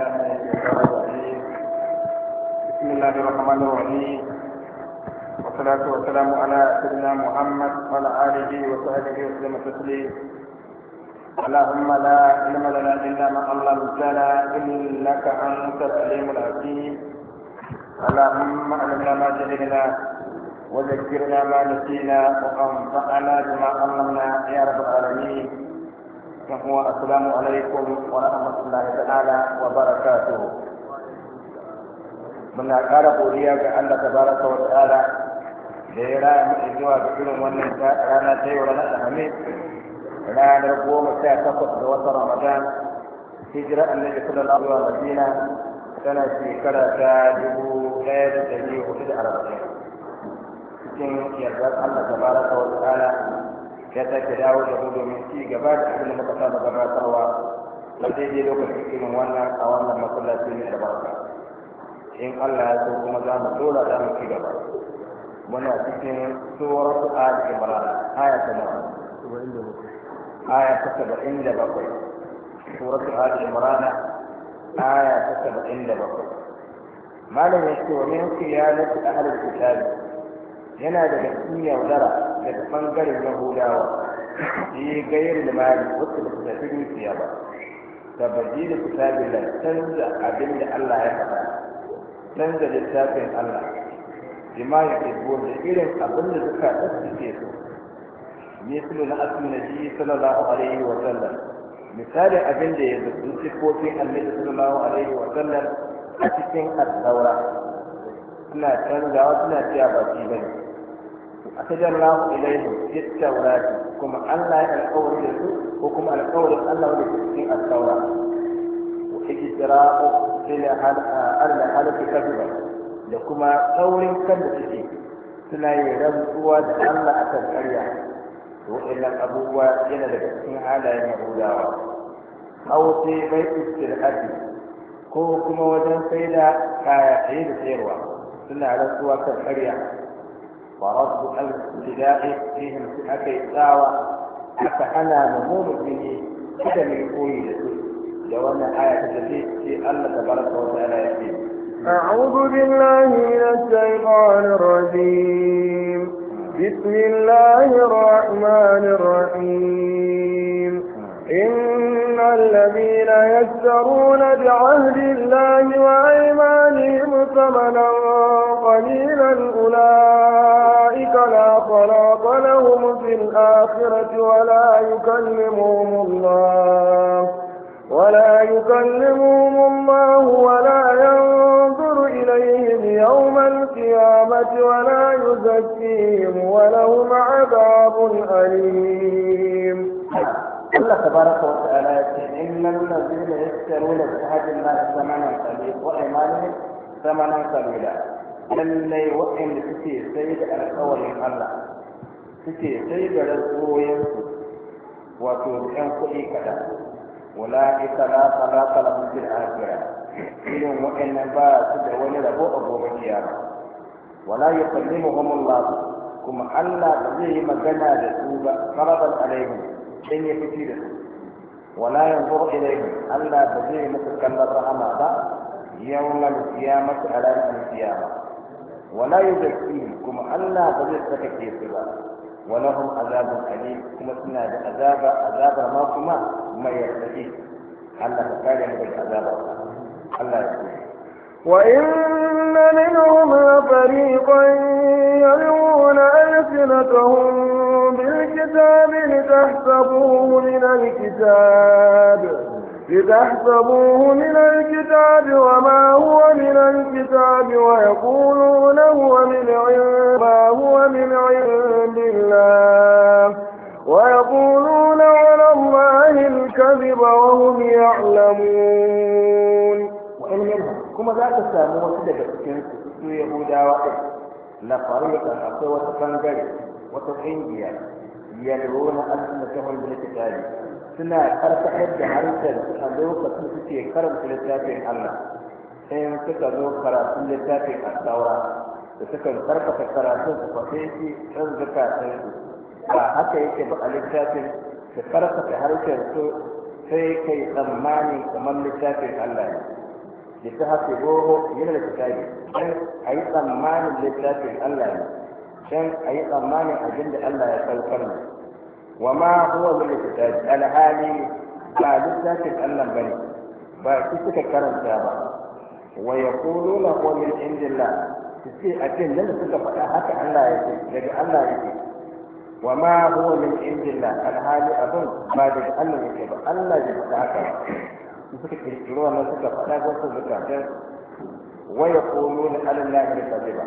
بالله من الشيطان الرجيم بسم الله الرحمن الرحيم والصلاة والسلام على سيدنا محمد وعلى آله وصحبه وسلم تسليم اللهم لا علم لنا إلا ما علمتنا إنك أنت العليم الحكيم اللهم علمنا ما جهلنا وذكرنا ما نسينا وأنفعنا بما علمنا يا رب العالمين هو السلام عليكم ورحمة الله تعالى وبركاته من أقار قوليك أن تبارك وتعالى ليرى مئزوا بكل من رانا تي ورانا الحميد لا نرقو مساء تفق دوات رمضان هجرة أن يكون الأرض والمدينة سنة في كرة تاجب لا يتجيب في الأرض كن يرزاق الله تبارك وتعالى ya sake dawo da mu domin ci gaba da abin da muka saba gabatarwa a daidai lokacin irin wannan a wannan masallaci ne da barka in Allah ya so kuma za mu dora da mu ci gaba muna cikin suratu ali imran aya ta nawa aya ta saba'in da bakwai suratu ali imran aya ta saba'in da bakwai Malamin ya ce wa min qiyamati ahlul kitab yana daga cikin yaudara daga bangaren yahudawa yi gayar da mali wacce ba su tafi dukiya ba ta baji da kitabin nan canza abin da Allah ya faɗa canza littafin Allah bima ya kebo da irin abin da suka tsaftace su misali na asmi na ji sallallahu alaihi wa sallam misalin abin da ya zuci sifofin annabi sallallahu alaihi wa sallam a cikin al suna canzawa suna cewa ba shi bane أتجراه إليهم في التوراة كما الله القول يسوع وكما القول الله في التوراة وإجراء da kuma كذبا لكما da كذب suna yin rantsuwa da Allah a kan ƙarya to abubuwa yana da cikin halayen gudawa. aw sai bai istirhadi ko kuma wajen sai da kaya da sayarwa suna rantsuwa kan ƙarya ورد الابتداء فيهم أكي الدعوة حتى أنا مهوم به كده من يقول لو أن الآية تجديد في الله تبارك وتعالى يكفيه أعوذ بالله من الشيطان الرجيم بسم الله الرحمن الرحيم إن الذين يسرون بعهد الله وأيمانهم ثمنا قليلا أولئك لا خلاق لهم في الآخرة ولا يكلمهم الله ولا يكلمهم الله ولا ينظر إليهم يوم القيامة ولا يزكيهم ولهم عذاب أليم الله تبارك وتعالى إن الذين يشترون بهاد الله ثمنا قليلا وإيمانهم ثمنا قليلا lallai waɗanda suke sai da alkawarin Allah suke sai da rantsoyinsu wato ɗan kuɗi kaɗan wala ita la salata lahum fil akhirah irin waɗannan ba su da wani rabo a gobe kiyama wala yukallimuhum Allah kuma Allah zai yi magana da su ba faradan dan ya fice da su wala yanzuru ilayhi Allah ba zai musu kallon rahama ba yawmal qiyamati ala yawmal qiyama wala yuzakkihim kuma Allah ba zai saka su ba ولهم عذاب أليم كما سنا عذاب mai ما كما ما يرتقي الله تعالى من العذاب الله يقول وإن منهم لفريقا يلوون ألسنتهم بالكتاب لتحسبوه من الكتاب لتحسبوه من الكتاب وما هو من الكتاب ويقولون هو من عند ما هو من عند الله ويقولون على الله الكذب وهم يعلمون وإن kuma za ta samu wasu daga cikin su yahudawa ɗin na fariƙan akwai wata ɓangare wata ƙungiya yalwo yalwuna asnatahum bil kitabi suna ƙarfafar da harshen a lokacin suke karanta littafin Allah sai suka zo karatun littafin asawa da suka ƙarfafa karatun su fashe shi ɗan zukatan su ba haka yake ba a littafin su ƙarfafa harshen su sai kai tsammani kamar littafin Allah ne da ta haka goho yana da kitabi a yi tsammanin littafin Allah ne don a yi tsammanin abin Allah ya saukar ne wa ma huwa da kitabi alhali ba littafin Allah ba ne ba su suka karanta ba wa ya kulu na komin a cikin yadda suka faɗa haka Allah ba daga Allah ya ce ba Allah ya faɗa haka suka kirkiri wannan suka faɗa wasu zukatan waya kolo na alallah da kaziba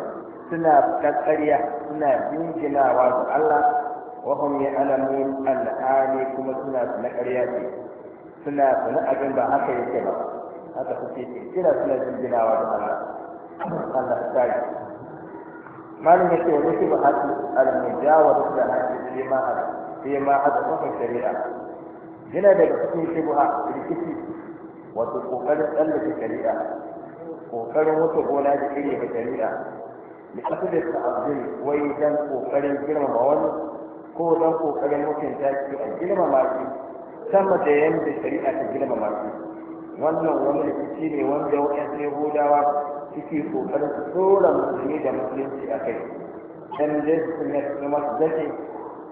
suna kakkariya suna jinginawa ga Allah wahum ya alamun al'ani kuma suna na ƙarya ce suna suna abin ba haka yake ba haka suke kirkira suna jinjina jinginawa ga Allah Allah ta yi malin yake wani shi ba hatu al-mujawar da hatu shi ma hatu shi ma hatu shari'a yana daga cikin shi ba rikici wato kokarin tsallake shari'a kokarin wata gona da iri ga shari'a da asali ta abdul wai dan kokarin girmama wani ko dan kokarin mutunta shi a girmama shi sama da yanda shari'a ta girmama shi wannan wani rikici ne wanda waɗansu yahudawa suke kokarin su tsora musulmi da musulunci a kai dan da su ne su masu zace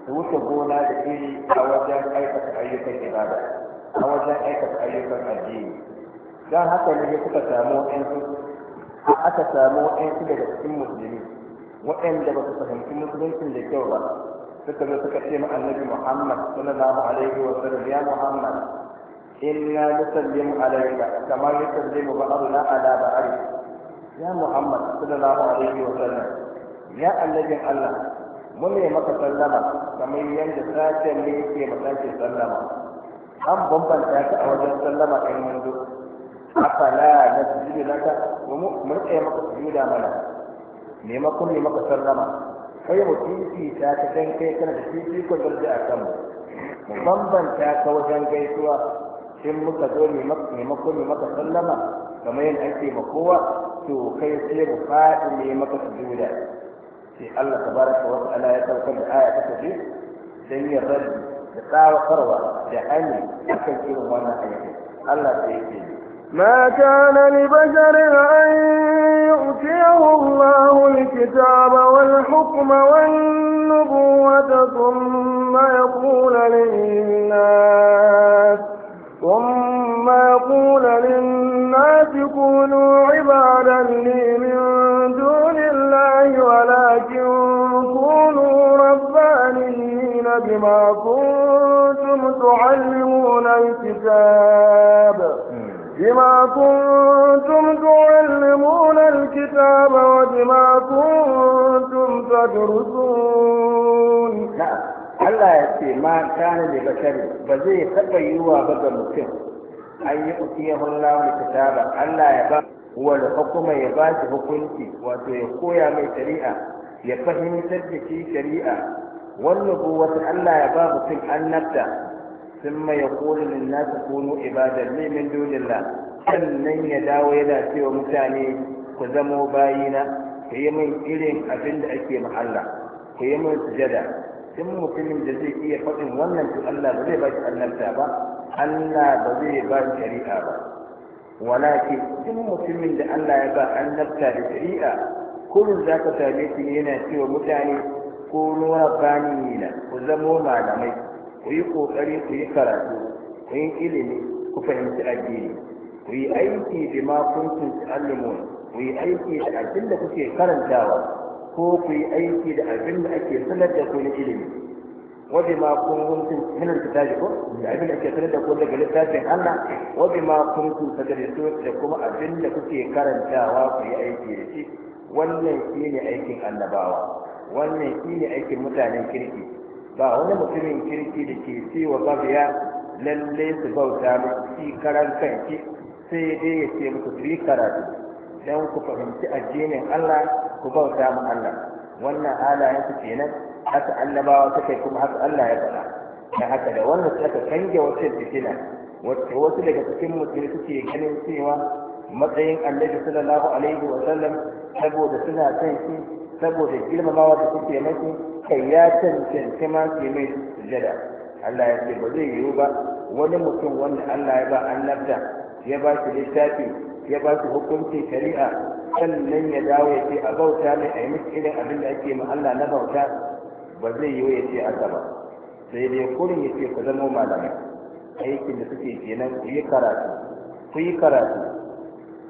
su wuce gona da iri a wajen aikata ayyukan ibada a wajen aikata ayyukan addini don haka ne suka samu wa'yansu aka samu wa'yansu daga cikin musulmi waɗanda ba su fahimci musulunci da kyau ba suka zo suka ce ma annabi muhammad sallallahu alaihi wa sallam ya muhammad inna nusallimu alayka kama yusallimu ba'duna ala ba'd ya muhammad sallallahu alaihi wa sallam ya annabin allah mun ne maka sallama kamar yadda sashen ne yake maka sallama an bambanta ta a wajen sallama ɗan yanzu afala na sujudu laka wa mu murƙaya maka sujuda mana maimakon ne maka sallama kai mu fifita ta dan kai kana da fifikon darja a kanmu mu bambanta ta wajen gaisuwa in muka zo maimakon ne maka sallama kamar yadda ake ma kowa to kai sai mu faɗi ne maka sujuda sai Allah tabaraka wa ta'ala ya saukar da aya ta tafi dan ya rabbi قال da hali akan من الله ayyuka ما كان لبشر أن يؤتيه الله الكتاب والحكم والنبوة ثم يقول للناس ثم يقول للناس كونوا عبادا لي من دون الله ولكن كونوا ربانيين بما كنتم تعلمون الكتاب بما كنتم تعلمون الكتاب وبما كنتم تدرسون نعم. الله يأتي ما كان لبشر بزي تبيوا بدا مكتب أن يؤتيه الله الكتاب الله يبقى هو الحكم يبقى حكمتي وتيقويا من شريعة يفهم تدكي شريعة والنبوة ألا يباب في النبدأ ثم يقول للناس كونوا عبادا لي من دون الله sannan ya dawo yana cewa mutane ku zamo bayina ku yi min irin abin da ake ma ku yi min sujada duk mutumin da zai iya faɗin wannan to Allah ba zai ba shi annabta ba Allah ba zai ba shi shari'a ba walakin duk mutumin da Allah ya ba annabta da shari'a kullum ka same shi yana cewa mutane kunu rabbaniyina ku zamo malamai ku yi kokari ku yi karatu ku yi ilimi ku fahimci addini ku yi aiki da ma kuntum ta'allumun ku yi aiki da abin da kuke karantawa ko ku yi aiki da abin da ake sanar da ku na ilimi bi ma kun kuntum hinan ta taji ko da abin da ake sanar da ku daga littafin Allah bi ma kuntum tadrisu da kuma abin da kuke karantawa ku yi aiki da shi wannan shine aikin annabawa wannan shine aikin mutanen kirki ba wani mutumin kirki da ke ce wa mabiya lalle su bauta masu shi karan kanki sai dai ya ce muku su yi karatu don ku fahimci addinin Allah ku bauta mu Allah wannan halayensu kenan haka annabawa suka yi kuma haka Allah ya faɗa da haka da wannan suka kange wata fitina wacce wasu daga cikin mutum suke ganin cewa matsayin annabi sallallahu alaihi wa sallam saboda suna son shi saboda girmamawa da suke mace, kai ya cancanci ma su mai sujada Allah ya ce ba zai yiwu ba wani mutum wanda Allah ya ba annabta ya ba shi littafi ya ba shi hukunci shari'a sannan ya dawo ya ce a bauta mai a yi miki irin abin da ake ma Allah na bauta ba zai yiwu ya ce haka ba sai dai kurin ya ce ku zama malamai aikin da suke kenan ku yi karatu ku yi karatu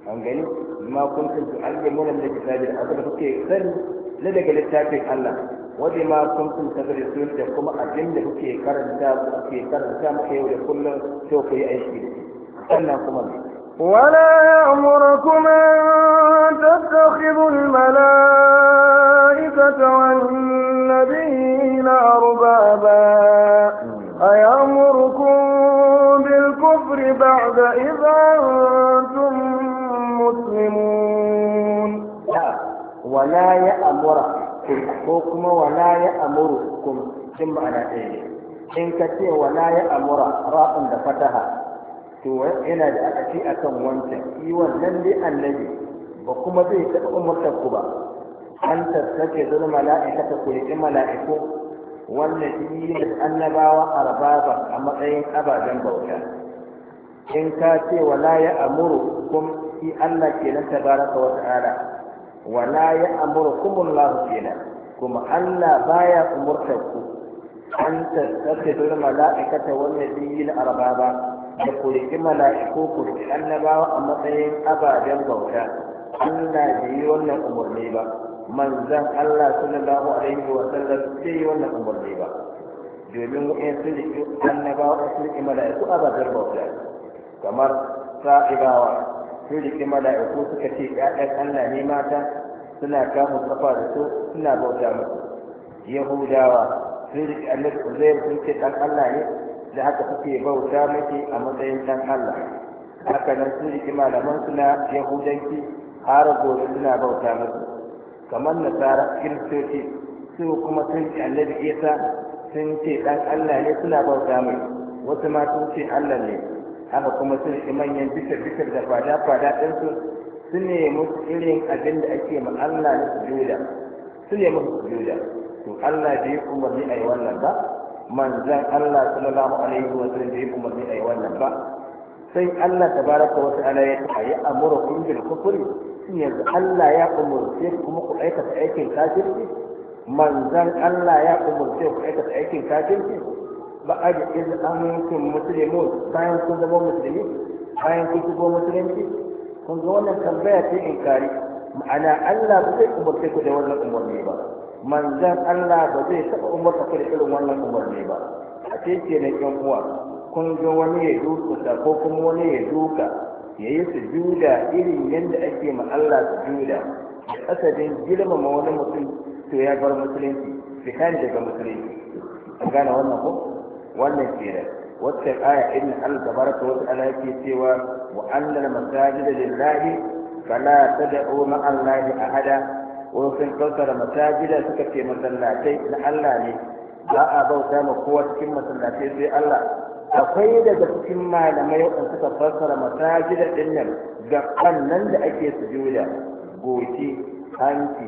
an gani ma kun tuntu an yi mulan da kitabi da abin da kuke sani na daga littafin Allah wadda ma kun kun tabbata sun da kuma abin da kuke karanta kuke karanta muke yau da kullum to ku yi aiki sannan kuma ولا يأمركم أن تتخذوا الملائكة والنبيين أربابا أيأمركم بالكفر بعد إذ أنتم مسلمون wala ya amura ko kuma wala ya amuru kun din ma'ana ɗaya ne in ka ce wala ya amura ra'un da fataha to yana da aka ce akan wancan yi wannan dai annabi ba kuma zai taɓa umurtar ku ba an tattace zuwa mala'ika ta kulli mala'iku wannan shi ne annabawa arbaba a matsayin ababen bauta in ka ce wala ya amuru kun shi Allah kenan tabaraka wa ta'ala wala ya lahu fina kuma Allah baya ta ku an tattakirar mala'ikata wannan biyin arbaba da ku riƙi mala'iku ku riƙi annabawa a matsayin ababen bauta Allah da yi wannan umarni ba manzan Allah sallallahu alaihi wa sallam bai yi wannan umarni ba domin wa'in su riƙi annabawa su riƙi mala'iku ababen bauta kamar sa'ibawa sun riƙe mala'iku suka ce ‘ya'yan Allah ne mata suna kama kafa da su suna bauta musu yahudawa sun riƙe annabi uzair sun ce ɗan Allah ne da haka suke bauta mace a matsayin ɗan Allah haka nan sun riƙe malaman suna yahudanci har gobe suna bauta musu kamar nasara kiristoci su kuma sun ce annabi isa sun ce ɗan Allah ne suna bauta mai wasu ma sun ce Allah ne haka kuma sun ci manyan bitar-bitar da fada-fada ɗinsu su ne musu irin abin da ake ma Allah na sujuda su ne musu sujuda to Allah bai umarni a yi wannan ba manzan Allah sallallahu alaihi wa sallam bai umarni a yi wannan ba sai Allah tabaraka wa ta'ala ya ta yi amura kun bil kufri shin yanzu Allah ya umurce kuma ku aikata aikin kafirci manzan Allah ya umurce ku aikata aikin kafirci ba a ga irin amincin musulmi bayan sun zama musulmi bayan sun zama musulunci kun ga wannan tambaya ce in kare. ma'ana allah ba zai umarce ku da wannan umarni ba manzan allah ba zai taɓa umarta ku da irin wannan umarni ba a ce ke na ƙin uwa kun ga wani ya duka ko kuma wani ya duka ya yi su juda irin yadda ake ma allah su juda da asalin girmama wani mutum to ya bar musulunci fi kan daga musulunci a gane wannan kuma wannan kenan wata aya in Allah baraka wa ta'ala yake cewa wa annal masajida lillahi fala tad'u ma'a allahi ahada wa sun kautara masajida suka ce masallatai na Allah ne ba a bauta ma kowa cikin masallatai sai Allah akwai daga cikin malamai waɗanda suka fassara masajida ɗin nan ga nan da ake sujuda goshi hanci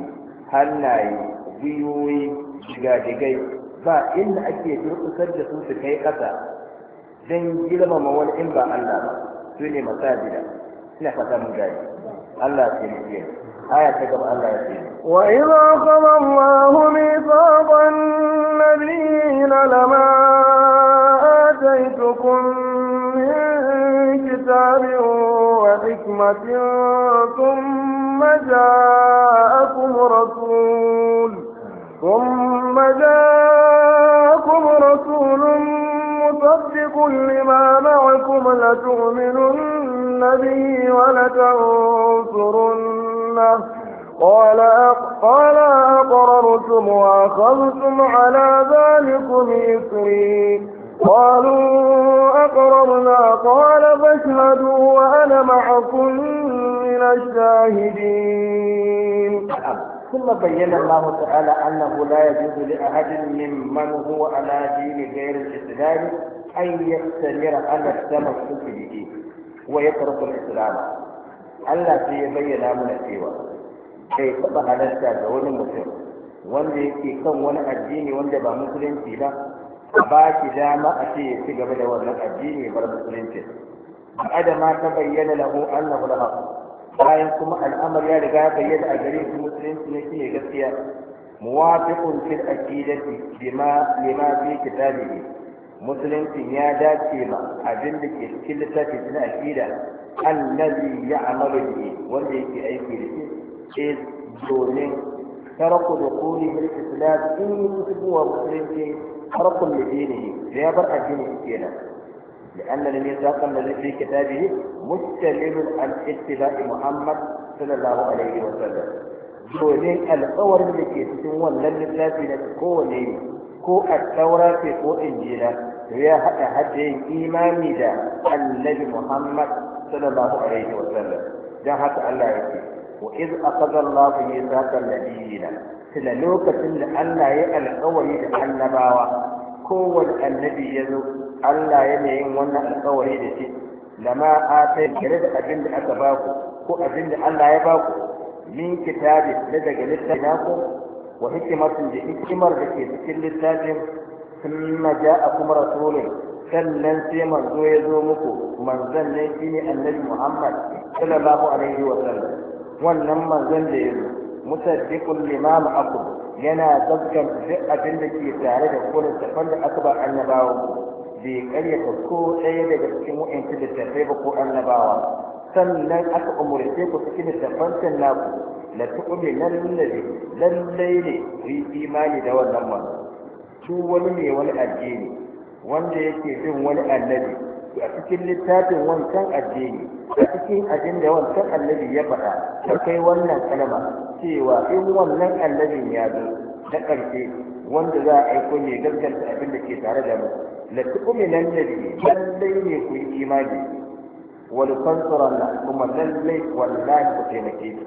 hannaye gwiwoyi digadigai ba inda ake durkusar da su su kai ƙasa don ma wani in ba Allah ba su ne masajida ina fata mun gari Allah ce ne aya ta gaba Allah ya ce وإذا قضى الله ميثاق النبيين لما آتيتكم من كتاب وحكمة ثم جاءكم رسول ثم جاءكم جاءكم رسول مصدق لما معكم لتؤمنن به ولتنصرنه قال قال أقررتم وأخذتم على ذلكم إثري قالوا أقررنا قال فاشهدوا وأنا معكم من الشاهدين ثم بين الله تعالى أنه لا يجوز لأحد ممن هو على دين غير الإسلام أن يستمر على التمسك به ويترك الإسلام Allah sai ya bayyana mana cewa kai taɓa halarta ga wani mutum wanda yake kan wani addini wanda ba musulunci ba a ba shi dama a ce ya ci gaba da wannan addini bar musulunci ba da ma ta bayyana lahu annahu la bayan kuma al'amari ya riga bayyana a gare su musulunci ne shine gaskiya muwafiqun fil aqidati bima lima fi kitabihi musulunci ya dace ma abin da ke cikin littafin na aqida ya ya'malu bihi wanda yake aiki da shi is domin taraku da kuli mil islam in yi musulunci harkun da dinihi da ya bar addini kenan لأن الميثاق الذي في كتابه مستلم عن اتباع محمد صلى الله عليه وسلم دونين الأول اللي كيسوا لن تابنا كوني كو التوراة كو إنجيلا هي هدي إيماني دا النبي محمد صلى الله عليه وسلم جاهت على يكي وإذ أخذ الله ميثاق النبيين سلنوكة لأن يأل أول يتعلم كو النبي يزوك Allah ya yana yin wannan alƙawari da shi da ma a atai gare da abin da aka ba ku ko abin da Allah ya ba ku min kitabi da daga littafin ku wa hikimatin da hikimar da ke cikin littafin thumma ja'akum rasulun sannan sai manzo ya zo muku manzon ne shine annabi Muhammad sallallahu alaihi wa sallam wannan manzon da ya zo musaddiqul lima ma'akum yana gaskanta duk abin da ke tare da kullum da aka ba annabawa bai karyata ko ɗaya daga cikin wa'ancin littattafai ba ko annabawa sannan aka umarce ku da littattafan naku la tu'mi lallabi lallai ne ku imani da wannan man su wani ne wani addini wanda yake bin wani annabi a cikin littafin wancan addini a cikin ajin da wancan annabi ya faɗa ta kai wannan kalma cewa in wannan annabin ya zo na ƙarshe wanda za a aiko ne gaskanta abin da ke tare da mu la tu'minan nabi lallai ne ku yi imani wal na, kuma lallai wallahi ku taimake shi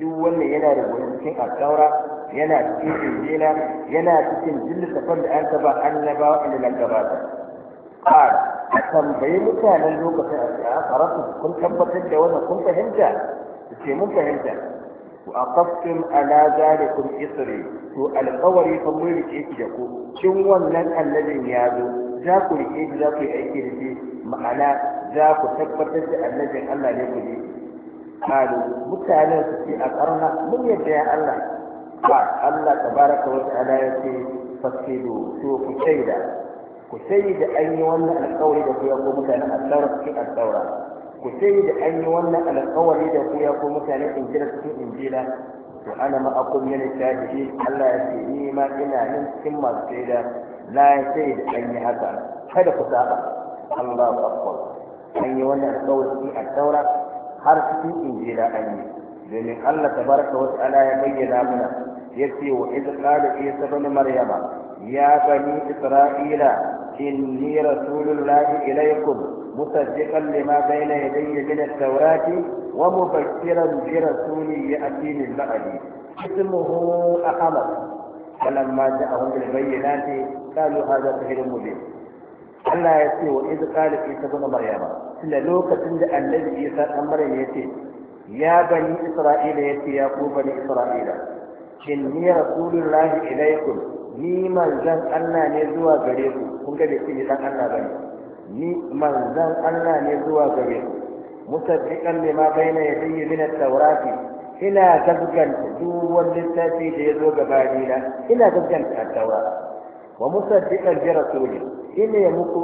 duk wannan yana da gurin cikin al-taura yana cikin injila yana cikin jillatan da an taba annabawa inda nan gabata a tambayi mutanen lokacin a karatu kun tabbatar da wannan kun fahimta ce mun fahimta ku aqaftum ala zalikum isri to alqawari fa mun ke ki da ku kin wannan annabin ya zo za ku riƙe shi za ku yi aiki da shi ma'ana za ku tabbatar da annabin Allah ne ku ne kalu mutanen su ce a karna mun yadda ya Allah ba Allah tabaraka wa ta'ala ya ce fasilu to ku shaida ku shaida an yi wannan alƙawari da ku ya ko mutanen al-saura cikin al-saura ku shaida an yi wannan alƙawari da ku ya ko mutanen injila cikin injila to ana ma'akum yana shahidi Allah ya ce ni ma ina nan cikin masu shaida na ce da an yi haka kada ku saba Allah ku akwai an yi wannan kawai a saura har cikin injira an yi domin Allah ta baraka wasu ala ya bayyana mana ya ce wa ita kada isa bani maryama ya gani isra'ila inni rasulullahi ilaykum musaddiqan lima bayna yadayya min at-taurati wa mubashiran bi rasulin ya'ti min ba'di ismuhu ahmad فلما جاءهم بالبينات قالوا هذا سحر مبين Allah ya ce wa izu kala isa bin maryama tunda lokacin da annabi isa dan maryam ya ce ya bani isra'ila ya ce ya ku bani isra'ila inni rasulullahi ilaikum ni manzan Allah ne zuwa gare ku kun ga bai ce dan Allah bane ni manzan Allah ne zuwa gare ku musaddiqan lima bayna yadayya min at ina gaskanta duk wani littafi da ya zo gabani na ina gaskanta at-taurati wa musaddiqan bi rasulih inna yamuku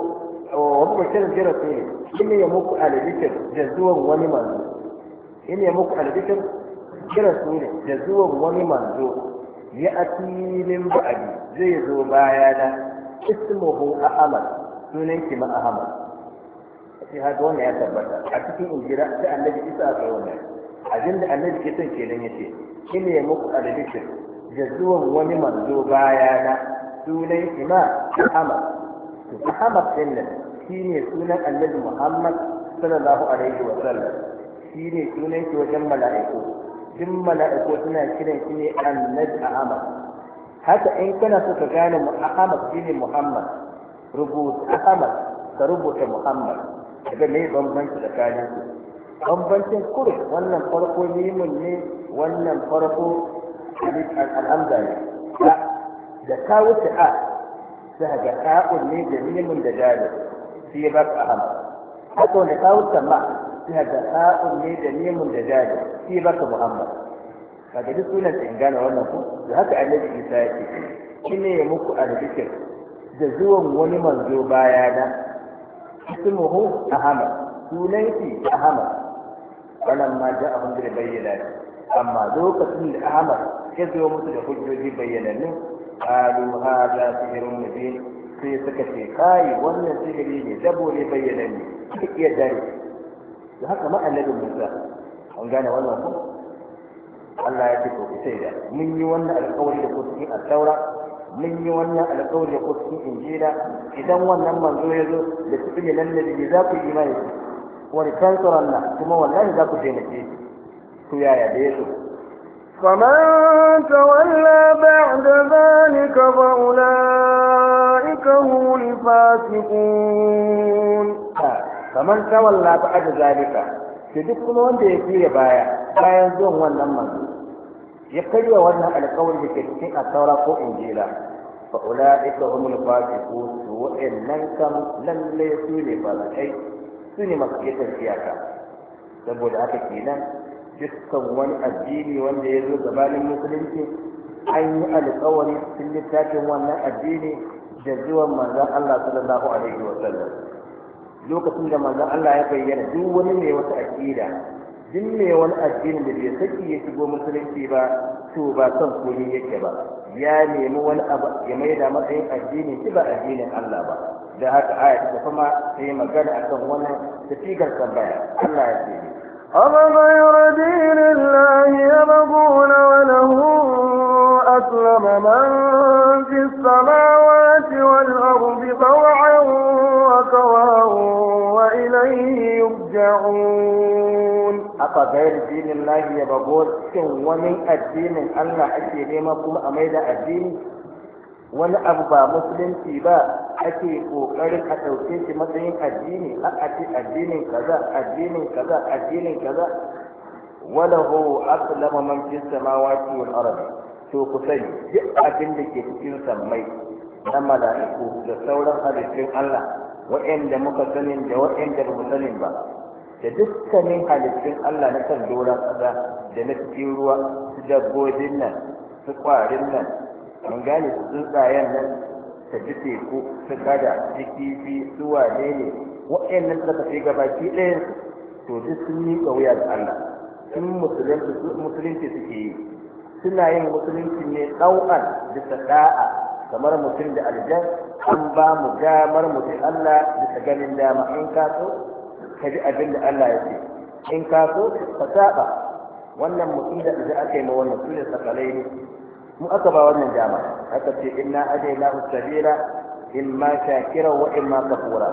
wa mubashiran bi rasulih inna yamuku al-bikr jazuwan wani manzo inna yamuku muku bikr bi rasulih jazuwan wani manzo ya ati min ba'di zai zo baya da ismuhu ahmad sunan ki ma ahmad sai haka wannan ya tabbata a cikin injira da annabi isa ga wannan da annabi ke son kenan yace inna yamuku al-bikr jazuwan wani manzo da sunan shi ma Ahmad to Ahmad din nan shine sunan Annabi Muhammad sallallahu alaihi wa sallam shine sunan shi wajen mala'iku duk mala'iku suna kiran shi ne Annabi Ahmad haka in kana so ka gane Ahmad shine Muhammad rubuta Ahmad ka rubuta Muhammad daga me bambanci tsakanin su bambancin kurin wannan farko mimun ne wannan farko alhamza ne da ka wuce a sai ga ta'un ne da mimun da dalil sai ya baka aham haka ka wuce ma sai ga ta'un ne da mimun da dalil sai ya baka muhammad ga duk sunan in gane wannan ku da haka annabi isa ya ce ne ya muku albikir da zuwan wani manzo baya da ismuhu ahmad sunanki ahmad da ja'ahum da bayyana amma lokacin da ahmad ya zo musu da hujjoji bayyanannu قالوا هذا سحر مبين sai suka ce kai wannan sihiri ne dabo ne bayyana ne duk iya dare da haka ma annabin Musa an gane wannan ko Allah ya ce ko ku sai da mun yi wannan alƙawari da ku cikin al-Taura mun yi wannan alƙawari da ku cikin Injila idan wannan manzo ya zo da cikin ne nan za ku yi imani wa tansuranna kuma wallahi za ku taimake shi ku yaya da yaso Kamantar wanda zan yi kafa wula, in ka huni fasiku. A da samar wanda ya fi baya bayan zon wannan masu ya karya wannan alƙawarin bikin a saura ko in jira. Kafa wula, in ka huni fasiku. Su waɗannan kam lanle suna masu ɗibanciyata, saboda haka kenan. dukkan wani addini wanda ya zo gabanin musulunci an yi alkawari cikin littafin wannan addini da zuwan manzon Allah sallallahu alaihi wa sallam lokacin da manzon Allah ya bayyana duk wani ne wata aqida duk mai wani addini da bai saki ya shigo musulunci ba to ba son koyi yake ba ya nemi wani abu ya da matsayin addini shi ba addinin Allah ba da haka aya ta kuma sai magana akan wannan tafikar tambaya Allah ya ce أفغير دين الله يبغون وله أسلم من في السماوات والأرض طوعا وكرها وإليه يرجعون أفغير دين الله يبغون شن ومن الدين أن أشي لما كم أميد الدين wani abu ba musulunci ba ake kokarin a ɗauke shi matsayin addini a ce addinin kaza addinin kaza addinin kaza wala hu aslama man fi samawati wal ardi to ku sani duk abin da ke cikin sammai na mala'iku da sauran halittun Allah wa'anda muka sanin da wa'anda ba mu sanin ba da dukkanin halittun Allah na kan doron da na cikin ruwa su dabbobin nan su ƙwarin nan mun gane tsuntsayen nan ta ji teku su kada su kifi su wane ne waɗannan suka tafi gabaki ɗayan to duk sun yi wuya da Allah sun musulunci suke yi suna yin musulunci ne ɗau'an bisa ɗa'a kamar mutum da aljan an ba mu damar mutum Allah bisa ganin dama in ka so ka ji abin da Allah ya ce in ka so ka saba wannan mutum da aljan aka yi ma wannan su ne sakalai ne mu aka ba wannan dama aka ce inna adaina usabira ma shakira wa imma kafura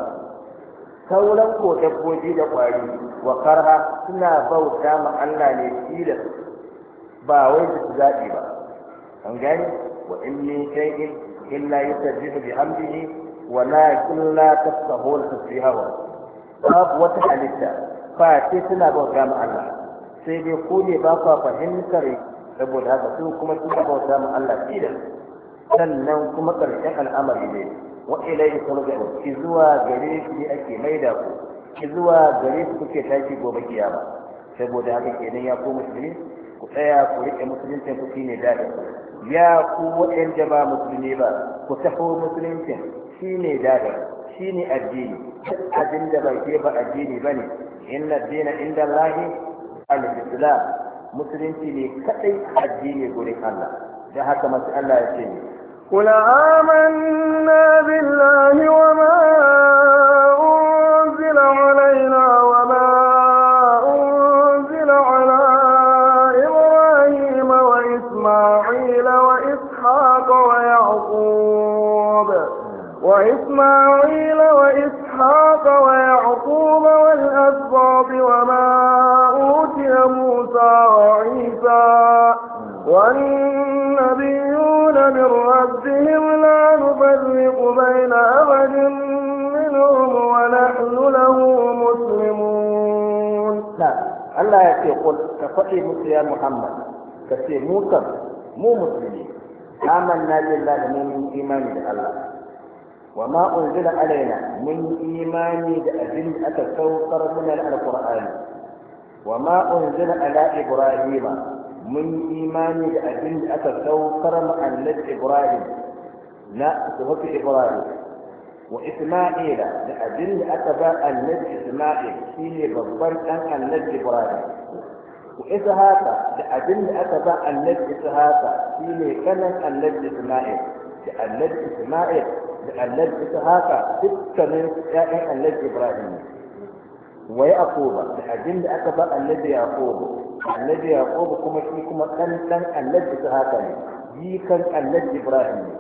sauran ko dabbobi da kwari wa karha suna bauta ma Allah ne kila ba wai su zaɓi ba an gani wa inni shay'in illa yusabbihu bihamdihi walakin la tasahul tasbihahu babu wata halitta fa ce suna bauta ma Allah sai dai ko ne ba ku fahimtar saboda haka sun kuma su ka bauta ma Allah tilas sannan kuma ƙarshen al'amari ne wa ilaihi turja'un ki zuwa gare ne ake maida ku ki zuwa gare shi kuke tashi gobe kiyama saboda haka kenan ya ku musulmi ku tsaya ku riƙe musuluncin ku shine daɗi ya ku waɗanda ba musulmi ba ku taho musuluncin shine daɗi shine addini duk abin da bai ke ba addini bane inna dina inda Allahi al-islam musulunci ne kadai addini gurin Allah da haka masu Allah ya ce قل آمنا بالله وما أنزل علينا وما أنزل على إبراهيم وإسماعيل وإسحاق ويعقوب وإسماعيل وإسحاق ويعقوب والأسباط وما وعيسى والنبيون من ربهم لا نفرق بين أبد منهم ونحن له مسلمون لا الله يقول كفئي مسلم يا محمد كفئي موسى مو مسلمين آمنا بالله من إيمان الله وما أنزل علينا من إيمان بأجل أتسوطر من القرآن wa ma unzila ala ibrahima mun imani da abin da aka saukar ma annabi ibrahim na suhufi ibrahim wa isma'ila da abin da aka ba annabi isma'il shine babban dan annabi ibrahim wa ishaqa da abin da aka ba annabi ishaqa shine kanan annabi isma'il da annabi isma'il da annabi ishaqa dukkanin ya'yan annabi ibrahim wa yaquba da abin da aka ba annabi yaqub annabi yaqub kuma shi kuma dan dan annabi ta haka ne Yi jikan annabi ibrahim ne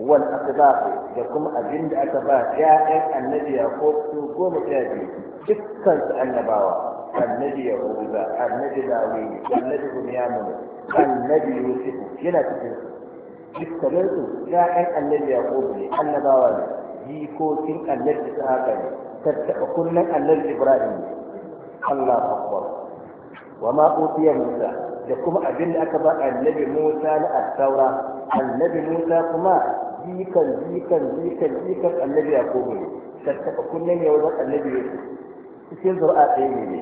wal asbaq da kuma abin da aka ba ya'yan annabi yaqub su goma sha biyu dukkan su annabawa annabi yahuda annabi dawudi annabi bunyamin annabi yusuf yana cikin dukkanin su ya'yan annabi yaqub ne annabawa ne Yi jikokin annabi ta haka ne tattaɓa kunnen annabi ibrahim allah akbar wa ma utiya musa da kuma abin da aka ba annabi musa na attaura annabi musa kuma jikan jikan jikan jikan annabi ya kogo ne tattaɓa kunnen ya wajen annabi ya cikin zura'a ɗaya ne ne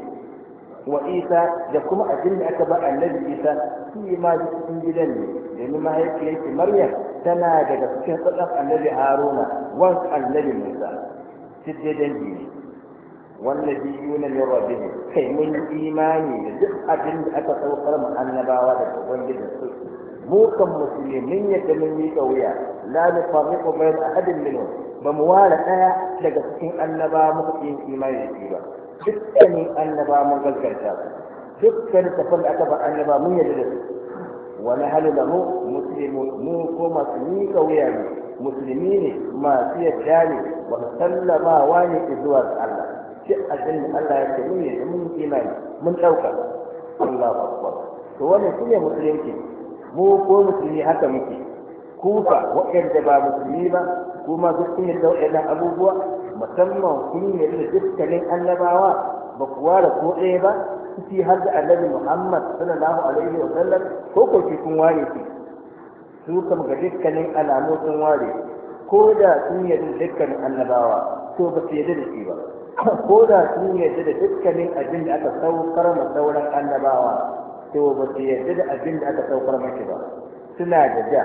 wa isa da kuma abin da aka ba annabi isa shi ma cikin gidan ne domin mahaifiyarki maryam tana daga cikin tsatsar annabi haruna wan annabi musa duk dai dangi ne wallazi yuna min rabbihim kai mun imani da duk abin da aka saukar mu annabawa da ubangiji su mu kan musulmi mun yadda mun yi kauya la nufarriqu bayn ahadin minhum ba mu wala daya daga cikin annaba muka yin imani da shi ba dukkanin annaba mun gaskata su dukkan tafan da aka ba annaba mun yadda da su wani hali da mu musulmi mu ko masu yi kauya ne musulmi ne masu yadda ne ba su sallamawa ne zuwa ga Allah shi abin da Allah ya ce mun ne mun imani mun ɗauka Allah Allahu akbar to wannan shi ne musulunci mu ko musulmi haka muke kufa waɗanda ba musulmi ba kuma duk sun yadda waɗannan abubuwa musamman kun ne da dukkanin annabawa ba ku ware ko ɗaya ba ciki har da annabi Muhammad sallallahu alaihi wa sallam ko ko kun ware shi su kam ga dukkanin alamu sun ware ko da sun yarda dukkanin annabawa to ba su yarda da shi ba ko da sun yarda da dukkanin abin da aka saukar ma sauran annabawa to ba su yarda da abin da aka saukar maki ba suna da ja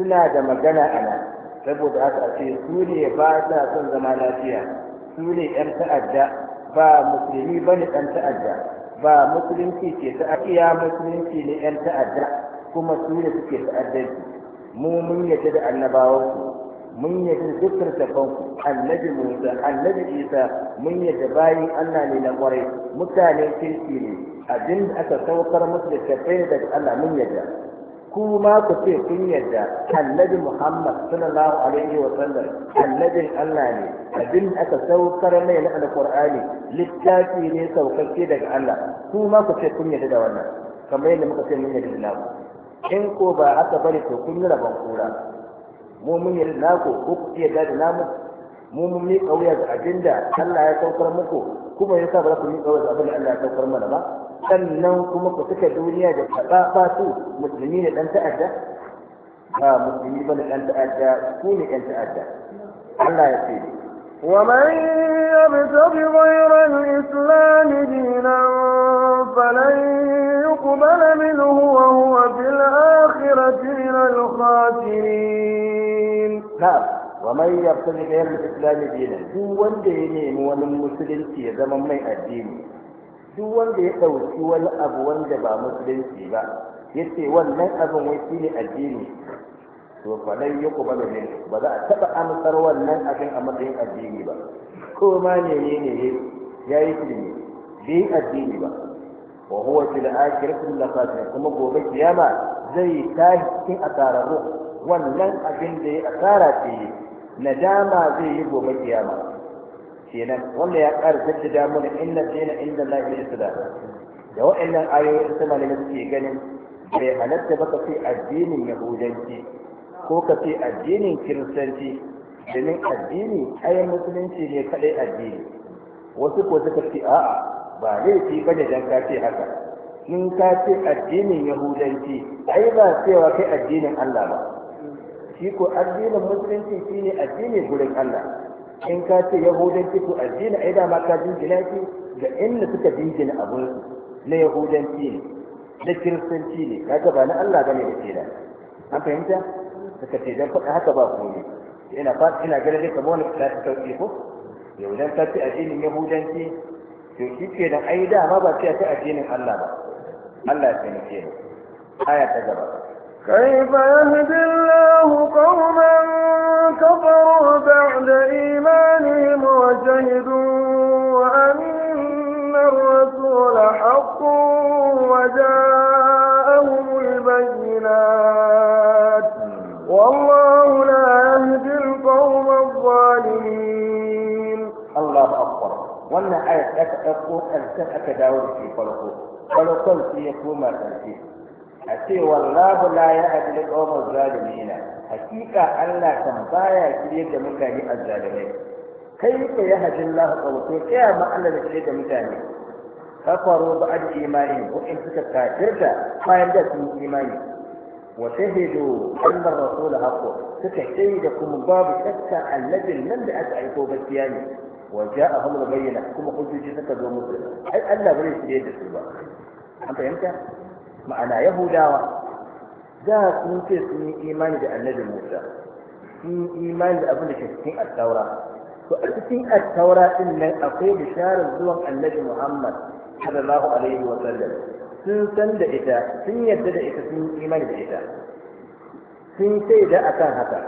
suna da magana a nan saboda haka a ce su ne ba sa son zama lafiya su ne 'yan ta'adda ba musulmi ba ne ɗan ta'adda ba musulunci ce ta akiya musulunci ne 'yan ta'adda kuma su ne suke ta'addanci mu mun yadda da annabawanku mun yadda da dukkan tafanku annabi Musa annabi Isa mun yadda bayan Allah ne na kwarai mutanen kirki ne abin da aka saukar musu da tafai daga Allah mun yadda ku ma ku ce kun yadda annabi Muhammad sallallahu alaihi wa sallam annabin Allah ne abin da aka saukar mai na alqur'ani littafi ne saukakke daga Allah ku ma ku ce kun yadda da wannan kamar yadda muka ce mun yadda da naku in ko ba aka bari to kun yi rabon kura mu mun yi naku ko ku iya gadi namu mu mun miƙa wuya ga abinda Allah ya saukar muku kuma ya sa ba ku yi wuya ga abinda Allah ya saukar mana ba sannan kuma ku suka duniya da kaɗa ba su musulmi ne ɗan ta'adda ba musulmi ba ne ɗan ta'adda ku ne ɗan ta'adda Allah ya ce ومن يبتغ غير الإسلام دينا فلن يقبل منه وهو في الآخرة من الخاسرين نعم ومن يبتغ غير الإسلام دينا هو الدين مسلم في زمن من الدين duk wanda ya ɗauki wani abu wanda ba musulunci ba ya ce wannan abin to falai ya ku bada min ba za a taɓa amsar wannan abin a matsayin addini ba ko ma ne ne ne ya yi ilimi bai addini ba wa huwa fil akhirati lafazin kuma gobe kiyama zai tashi cikin asararru wannan abin da ya asara ce nadama zai yi gobe kiyama kenan wanda ya ƙara jaddada mana inna dina inda la ilaha illa da wa'annan ayoyin sama ne suke ganin bai halatta ba ka addinin yahudanci ko ka ce addinin kiristanci domin addini ayan musulunci ne kadai addini wasu ko suka ce a'a ba laifi ba ne don ka ce haka in ka ce addinin yahudanci ai ba cewa kai addinin Allah ba shi ko addinin musulunci shine addini gurin Allah in ka ce yahudanci ko addini ai da ma ka jingina shi ga inda suka jingina abun na yahudanci ne na kiristanci ne kaga ba na Allah bane da da an fahimta suka ce dan faɗa haka ba ku ne ina fat ina ganin dai kamar wani ta sauki ko yau dan ta ce addinin yahudanci to shi ke nan ai dama ba sai ta addinin Allah ba Allah ya taimake mu aya ta gaba كيف يهدي الله قوما كفروا بعد إيمانهم وشهدوا أن الرسول حق وجاءهم البينات والله لا يهدي القوم الظالمين الله أكبر wannan ayat aka ɗauko ƙarshen aka dawo da shi farko farkon sai ya koma ƙarshe a ce wallahu la ya'dil qawmal zalimina hakika Allah kan baya kire da mutane azzalimai kai ka ya hadin Allah qawto kai ma Allah da kire da mutane ko in suka kafirta bayan sun imani وشهدوا أن الرسول حقه فكشهدكم باب شكا الذي لم أتعيكوا بالكياني وجاءهم البينة كما قلت جسكا ذو مسلم أي ألا بريس ليد السبا أنت يمتع معنا يهودا ذات ممكن سني إيمان بأنجل موسى سني إيمان بأبن شكين التوراة وأكتين التوراة إن أقيم شارع ذوق النبي محمد صلى الله عليه وسلم sun san da ita sun yarda da ita sun imani da ita sun shaida akan haka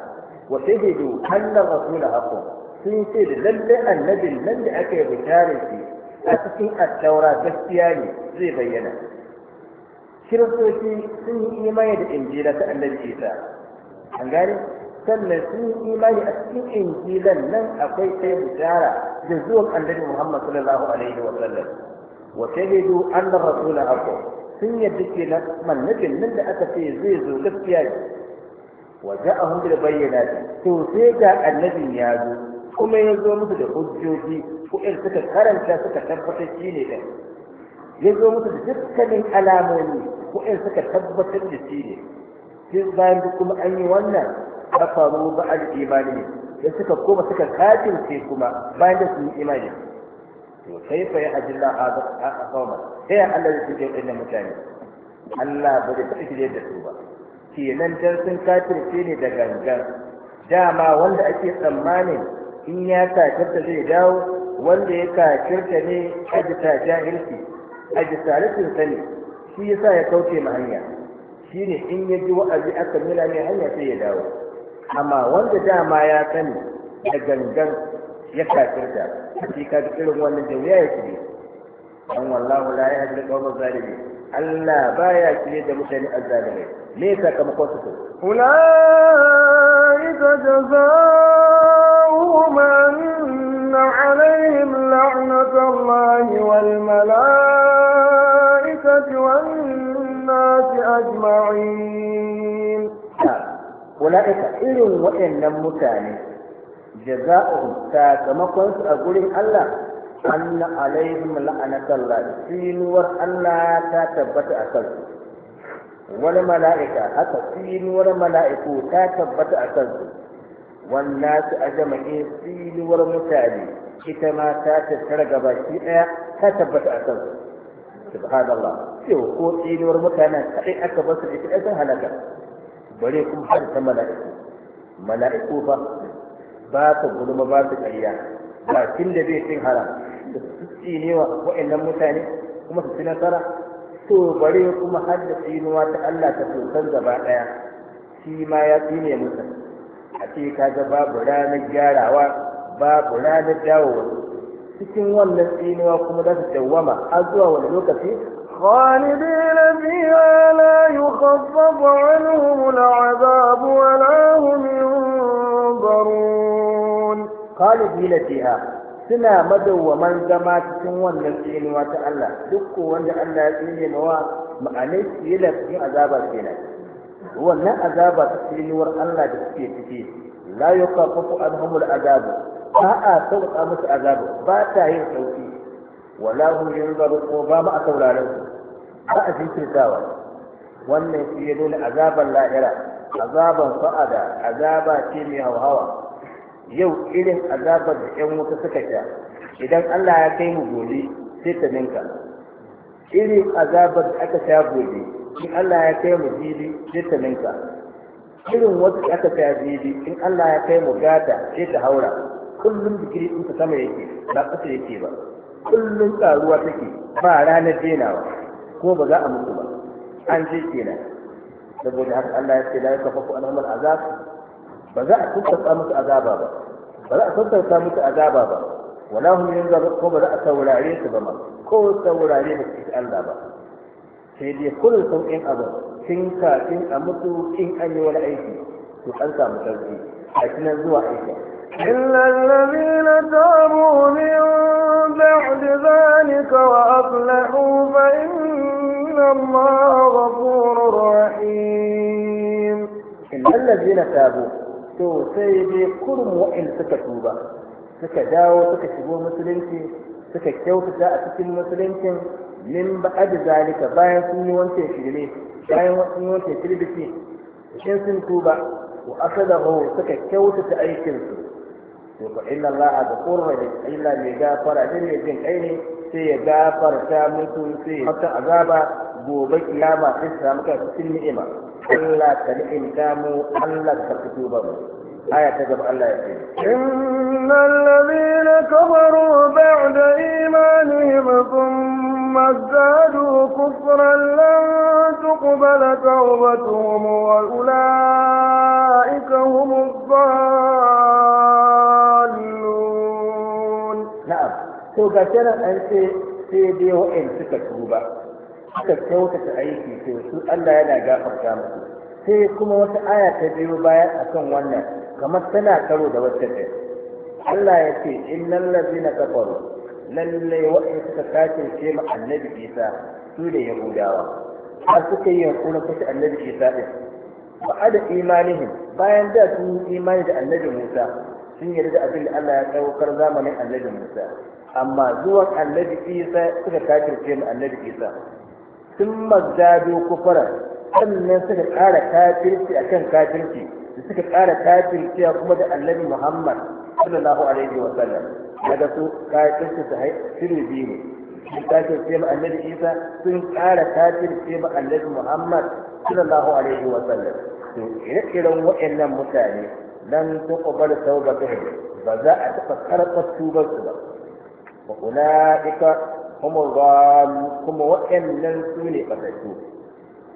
wa shahidu anna rasula haqqun sun shaida lalle annabin nan da aka yi bisharar shi a cikin attaura gaskiya ne zai bayyana kiristoci sun yi imani da injila ta annabi isa an gane sannan sun yi imani a cikin injilan nan akwai sai bishara da zuwan annabi muhammad sallallahu alaihi wa sallam wa shahidu anna rasula haqq sun yadda ke na mallabin nan da aka ce zai zo gaskiya ne a ja'ahum ya bayyana to sai ga annabin ya zo kuma ya zo musu da hujjoji ko in suka karanta suka tabbatar shi ne din ya zo musu da dukkanin alamomi ko in suka tabbatar da shi ne bayan kuma an yi wannan kafaru ba'al imani ne da suka koma suka kuma bayan da yi imani to kai fa ya ajilla hada qawman sai Allah ya tuje wannan mutane Allah ba zai taɓa da su ba kenan dan sun kafirce ne da gangan dama wanda ake tsammanin in ya kafirta zai dawo wanda ya kafirta ne ajita jahilci ta rashin sani shi yasa ya kauce ma hanya ne in ya ji wa'azi aka nuna mai hanya sai ya dawo amma wanda dama ya sani da gangan ya kafirta shi ka irin wannan wuya ya kire an wallahu la yahdi al-qawma zalimin Allah baya kire da mutane azzalimai me yasa kamakon su ulaika jazaa'uhum anna 'alayhim la'natu Allahi wal malaa'ikati wan nasi ajma'in ulaika irin waɗannan mutane jaza'uhum sakamakon su a gurin Allah anna alaihim la'anatullah sinuwar Allah ta tabbata a kansu wani mala'ika haka sinuwar mala'iku ta tabbata a kansu wannan su ajama'in sinuwar mutane ita ma ta tattara gabaki ɗaya ta tabbata a kansu subhanallah sai ko tsinuwar mutanen kai aka basu ita ɗaya sun halaka bare kuma har ta mala'iku mala'iku fa ba ta gulma ba ta ƙarya bakin da bai cin haram da su tsine wa wa'annan mutane kuma su ci nasara to kuma har da tsinuwa ta Allah ta tosan gaba ɗaya shi ma ya tsine musu a ce ga babu ranar gyarawa babu ranar dawowa cikin wannan tsinuwa kuma za su dawwama har zuwa wani lokaci خالدين فيها لا يخفف عنهم العذاب ولا هم ينظرون khalidina fiha suna madawwaman zama cikin wannan tsinuwa ta Allah duk wanda Allah ya tsine mawa ma'anai tsila cikin azaba kenan wannan azaba ta tsinuwar Allah da suke ciki la yuqafafu anhumul azabu ba a sauka musu azabu ba ta yin sauki wala hum yunzaru ko ba ma a sauraron su ba a jinkirtawa wannan shi ya nuna azaban la'ira azaban fa'ada azaba ce mai hauhawa yau irin azabar da ƴan wuta suka sha idan Allah ya kai mu gobe sai ta ninka irin azabar da aka sha gobe in Allah ya kai mu jibi sai ta ninka irin wasu da aka sha jibi in Allah ya kai mu gata sai ta haura kullum digiri ɗinka sama yake ba ƙasa yake ba kullum ƙaruwa take ba ranar denawa ko ba za a mutu ba an je kenan saboda haka Allah ya ce la yakfafu anhumul azab ba za a sassauta musu azaba ba ba za a sassauta musu azaba ba wala hum yanzuru ko ba za a saurare su ba ma ko saurare ba su Allah ba sai dai kullum sauƙin abu tun kafin a mutu in an yi wani aiki to an samu sauƙi a cikin zuwa aiki إلا الذين تابوا من بعد ذلك وأصلحوا فإن الله غفور رحيم إلا الذين تابوا to sai dai kurum wa'in suka tuba suka dawo suka shigo musulunci suka kyautata a cikin musuluncin min ba'ad zalika bayan sun yi wancan shirme bayan sun yi wancan shirbici in sun tuba wa asadahu suka kyautata aikinsu to fa inna allaha ghafurur rahim illa mai gafara ne mai jin kai ne sai ya gafarta musu sai ya azaba gobe kiyama sai su samu cikin ni'ima Allah ka ni'imta mu Allah ka fito ba mu aya ta gaba Allah ya ce innal ladina kafaru ba'da imanihim thumma zadu kufran lan tuqbala tawbatuhum wa ulaika hum ad-dallun na'am to ga kenan an ce sai dai wa'in suka tuba suka kyautata aiki to su Allah yana gafarta musu sai kuma wata aya ta biyo baya akan wannan kamar tana karo da wata ta Allah ya ce innal ladina kafaru lalle wa'in suka kace ce ma annabi Isa su da yahudawa har suka yi yankunan kashe annabi Isa din ba ada imanihim bayan da sun yi imani da annabi Musa sun yarda da abin da Allah ya saukar zamanin annabi Musa amma zuwan annabi Isa suka kafirce mu annabi Isa sun mazado kufara sannan suka ƙara kafirci akan kafirci da suka ƙara kafirci kuma da annabi muhammad sallallahu alaihi wa sallam daga su kafirci su shiru biyu ne sun kafirce ma annabi isa sun ƙara kafirce ma annabi muhammad sallallahu alaihi wa sallam to ire-iren waɗannan mutane lan tuqbal tawbatuhum ba za a taɓa karɓar tubarsu ba wa ulaika kuma kuma waɗannan su ne ƙasashe.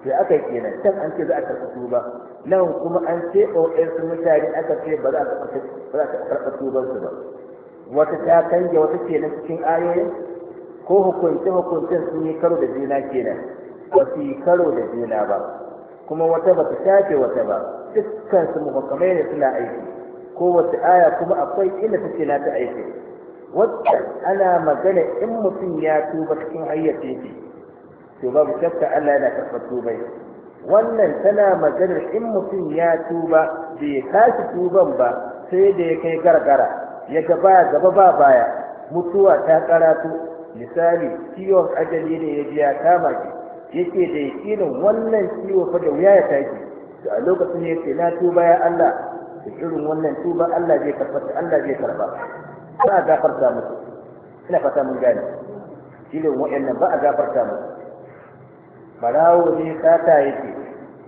sai aka kenan can an ce za a karɓi tuba nan kuma an ce su mutane aka ce ba za a karɓi tubansu ba wata ta canja wata na cikin ayoyi ko hukunce hukuncen sun yi karo da juna kenan ba su yi karo da juna ba kuma wata ba ta shafe wata ba dukkan su muhakkamai ne suna aiki Ko wata aya kuma akwai inda take na ta aiki waccan ana magana in mutum ya tuba cikin hayyace ce to babu shakka Allah yana karɓar tubai wannan tana maganar in mutum ya tuba bai tashi tuban ba sai da ya kai gargara ya gaba gaba ba baya mutuwa ta karatu misali ciwon ajali ne ya biya ta kama ki yake da yakinin wannan ciwo fa da wuya ya tashi to a lokacin ya ce na tuba ya Allah da irin wannan tuba Allah zai karɓa Allah zai karɓa ba a gafarta musu ina fata mun gane filin wa'annan ba a gafarta musu barawo ne sata yake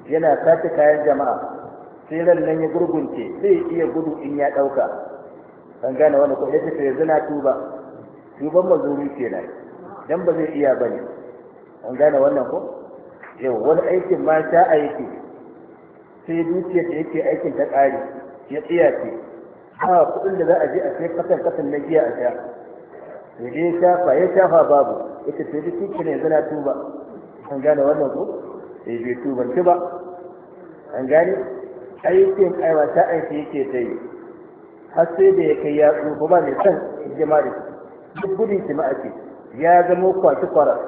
yana sace kayan jama'a sai ran nan ya gurgunce zai iya gudu in ya ɗauka an gane wani ko ya tafi yanzu na tuba tuban mazuri kenan dan ba zai iya bane an gane wannan ko yau wani aikin ma sha aiki. sai dukiyar da yake aikin ta ƙari. ya tsiya ce ba kuɗin da za a je a sai kasan kasan na giya a sha ya je ya shafa ya shafa babu ita ce duk ne zana tuba an gane wannan ko sai eh, bai tubanci ba an gane aikin aiwa ta aiki yake ta yi har sai da ya kai ya tsufa ba mai san hijima da su. duk gudun shi ma'aiki ya zama kwaki kwara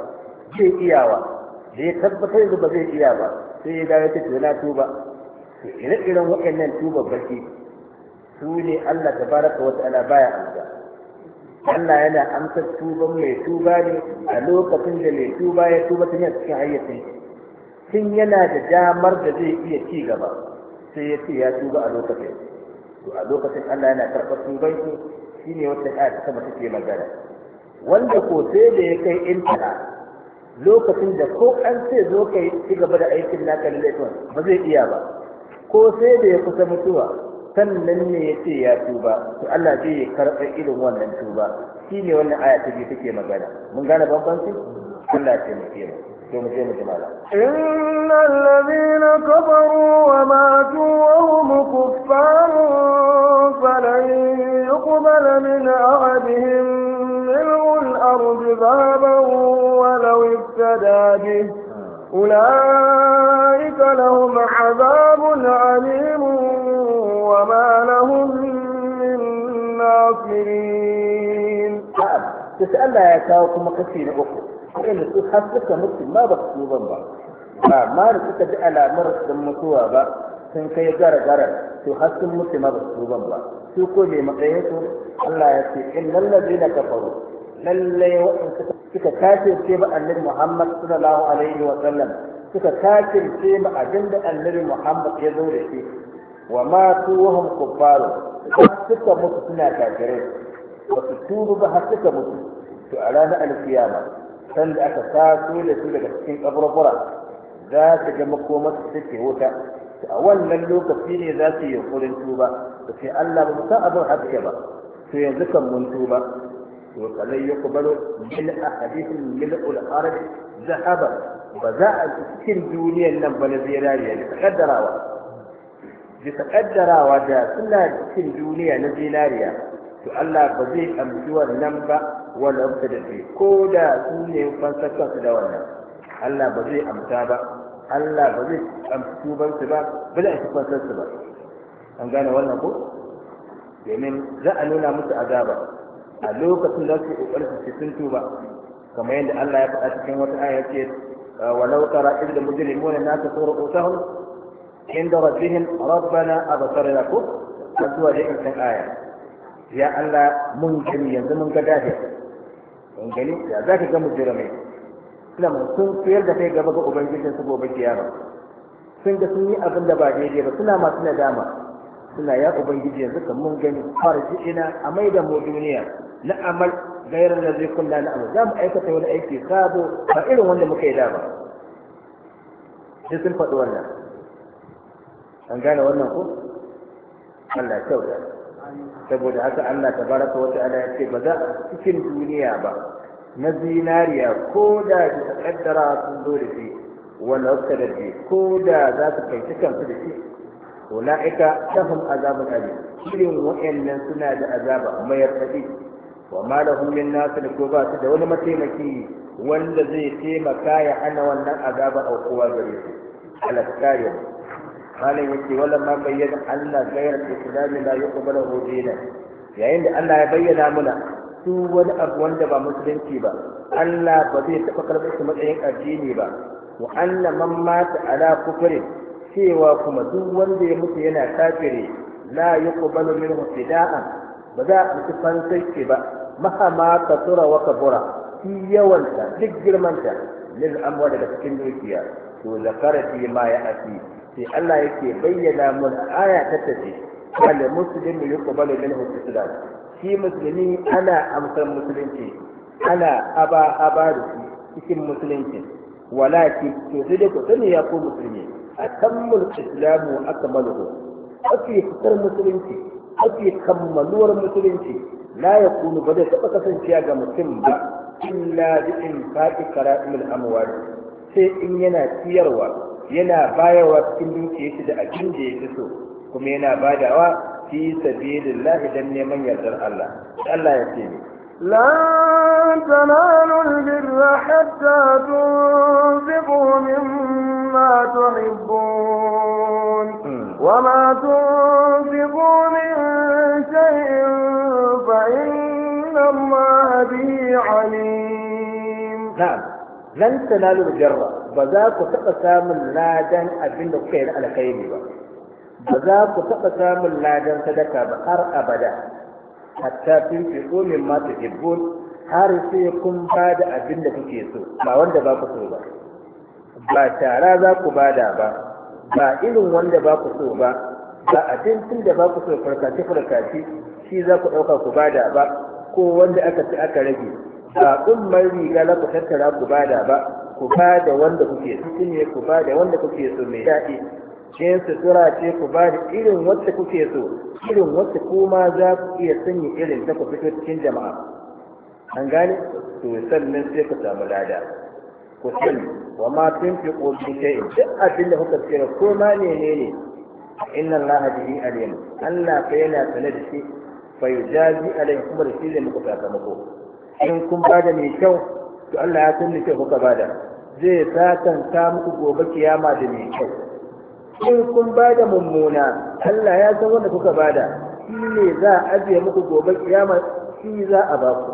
zai iyawa da ya tabbatar da ba zai iya ba sai ya dawo ta tuba ire-iren waɗannan tuba baki su ne Allah ta baraka wata ana baya amsa Allah yana amsa tuban mai tuba ne a lokacin da mai tuba ya tuba ta yana cikin hayyacin tun yana da damar da zai iya ci gaba sai ya ce ya tuba a lokacin to a lokacin Allah yana karɓar tuban shi shine wata aya ta sama take magana wanda ko sai da ya kai intana lokacin da ko an ce zo kai ci gaba da aikin naka laifin ba zai iya ba ko sai da ya kusa mutuwa sannan ne ya ce ya tuba to Allah zai karɓar irin wannan tuba shi ne wannan aya ta biyu take magana mun gane bambanci Allah ce mu kiyama to mu je mu ji mala innal ladina kafaru wa matu wa hum kuffar falan yuqbal min ahadihim mil'u al-ard dhahaban wa law ibtada bihi أولئك لهم عذاب أليم وما لهم من ناصرين نعم، تسألنا يا كاوكم مقفين أخو إيه إن الأخ حسنك مسلم ما بقصوا ضمبا ما رسلت بألا مرس دمتوا با تنكي جارة جارة تو حسن مسلم ما بقصوا ضمبا تو كل مقيته الله يسير إن الذين كفروا للي وإنك كاتب كيما أن محمد صلى الله عليه وسلم suka كيما ce ma محمد da فيه. wa matu wahum kuffaru har suka mutu suna kafirai ba su tubu ba har suka mutu to a ranar alkiyama sanda aka taso da su daga cikin kaburbura za su ga makomar take wuta a wannan lokaci ne za su yi yunkurin tuba da sai Allah ba san abin haka ba to yanzu kan mun tuba to kalai ya kubalo min ahadihim mil'ul ardi zahaba ba za a cikin duniyar nan ba na zirariya da kaddarawa bisa ƙaddarawa da suna cikin duniya na zinariya to Allah ba zai amshi wannan ba wala ba da shi ko da su ne fansakon su da wannan Allah ba zai amsa ba Allah ba zai amsa tuban ba ba zai amsa fansar ba an gane wannan ko domin za a nuna musu azaba a lokacin da su kokarin su sun tuba kamar yadda Allah ya faɗa cikin wata aya ce walau tara idda mujrimuna nasa sura usahum عند ربهم ربنا أبصرنا كفر أزوى لكم آية يا الله منكم ينزمون كذاك منكم يا ذاك ga الجرمين لما سن فير دفع جبهة أبنجيش سبوا بكيانا sun ga sun yi abin da ba daidai ba suna masu nadama suna ya ubangiji yanzu kan gani farji ina a mai da mu duniya na amal gairar da zai kulla na amal za mu aikata wani aiki sabo ba irin wanda muka yi da ba sai sun an gane wannan ko Allah ya kyauta saboda haka Allah tabaraka wa ta'ala ya ce ba za cikin duniya ba na zinariya ko da ji takaddara sun zo da shi wala da shi ko da za su kai kansu da shi ulaika lahum azabun alim irin wa'annan suna da azaba mai radadi wa ma lahum min nasir ko ba su da wani mataimaki wanda zai taimaka ya ana wannan azaba aukuwa gare su alaskariya malam yake wala ma bayyana Allah gairar islami la yuqbalu dinan yayin da Allah ya bayyana muna su wani abu wanda ba musulunci ba Allah ba zai taɓa karɓar su matsayin addini ba wa anna man mata ala kufrin cewa kuma duk wanda ya mutu yana kafiri la yuqbalu minhu fida'an ba za a ci fansarki ba mahama kasura wa kabura shi yawanta duk girmanta lil amwa daga cikin dukiya to zakara fi ma ya asi sai Allah yake bayyana mun aya ta tafi ya muslim yuqbalu minhu islam shi musulmi ana amsar musulunci ana aba aba da cikin musulunci walaki to sai da ku sani ya ko musulmi A atammul islamu akmaluhu ake fitar musulunci ake kammaluwar musulunci la yakunu ba da taba kasancewa ga mutum ba illa bi fa'i karatul amwal sai in yana ciyarwa yana bayarwa cikin dukiyar shi da abin da ya fi so kuma yana badawa fi sabilillah idan neman yardar Allah Allah ya ce ni لن تنالوا البر حتى تنفقوا مما تحبون وما تنفقوا من شيء فإن الله به عليم lan tanalu jarra ba za ku taɓa samun ladan abin da kuka yi na alkhairi ba ba za ku taɓa samun ladan sadaka ba har abada hatta tun fi ma ta hibbon har sai kun ba da abin da kuke so ba wanda ba ku so ba ba tara za ku bada ba ba irin wanda ba ku so ba ba abincin da ba ku so farkaci farkaci shi za ku ɗauka ku bada ba ko wanda aka ci aka rage ba mai riga na ku tattara ku bada ba ku bada wanda kuke so ne ku bada wanda kuke so mai daɗi cikin sutura ce ku bada irin wacce kuke so irin wacce kuma za ku iya sanya irin ta ku fito cikin jama'a an gane to sannan sai ku samu lada ku sani wa ma tun fi ƙoƙi ta duk abin da kuka tsira ko ma ne ne ne inna allaha bihi alim allah fa yana sanar da shi fa yujazi alayhi kuma da shi zai muku sakamako in kun ba da mai kyau to Allah ya san kyau kuka da. zai satanta muku gobe kiyama da mai kyau in kun ba da mummuna Allah ya san wanda kuka da. shi ne za a ajiye muku gobe kiyama shi za a ba ku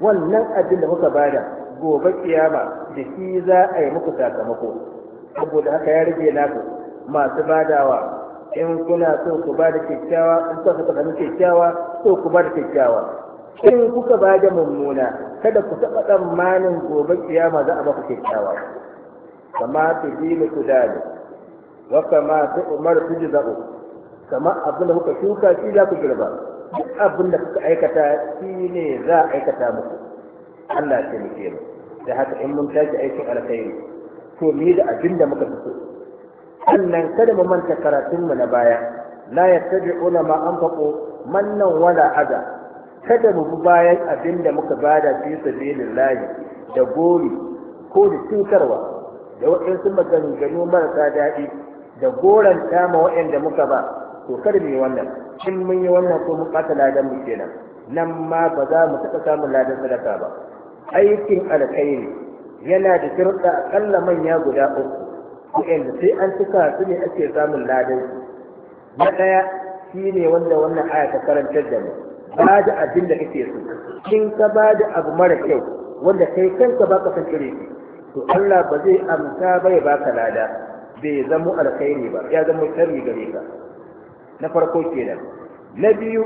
wannan abin da kuka da, gobe kiyama da shi za a yi muku sakamako saboda haka ya rage naku masu badawa in kuna so ku ba da kyakkyawa in kuka da kyakkyawa so ku ba da kyakkyawa in kuka ba da mummuna kada ku taɓa tsammanin gobe kiyama za a ba ku kyakkyawa kama ta dini ku dali wa kama ta umar ku ji zaɓo kama abin da kuka shuka shi za ku girba duk abin da kuka aikata shi ne za a aikata muku Allah ya taimake mu da haka in mun tashi aikin alkhairi to mu da abin da muka fito sannan kada mu manta karatunmu na baya la yattabi'una ma anfaqu mannan wala ada kada mu bi bayan abin da muka bada fi layi da gori ko da cutarwa da waɗansu maganganu marasa daɗi da goran ma waɗanda muka ba to kada mu yi wannan in mun yi wannan ko mun ɓata ladan mu kenan nan ma ba za mu taɓa samun ladan sadaka ba aikin alkhairi yana da shirɗa aƙalla manya guda uku waɗanda sai an cika su ne ake samun ladan na ɗaya shi ne wanda wannan aya ta karantar da mu ba da abin da kake so in ka ba da abu mara kyau wanda kai kanka ba ka san kire shi to Allah ba zai amsa ba ya baka lada bai zama alkhairi ba ya zama sharri gare ka na farko kenan na biyu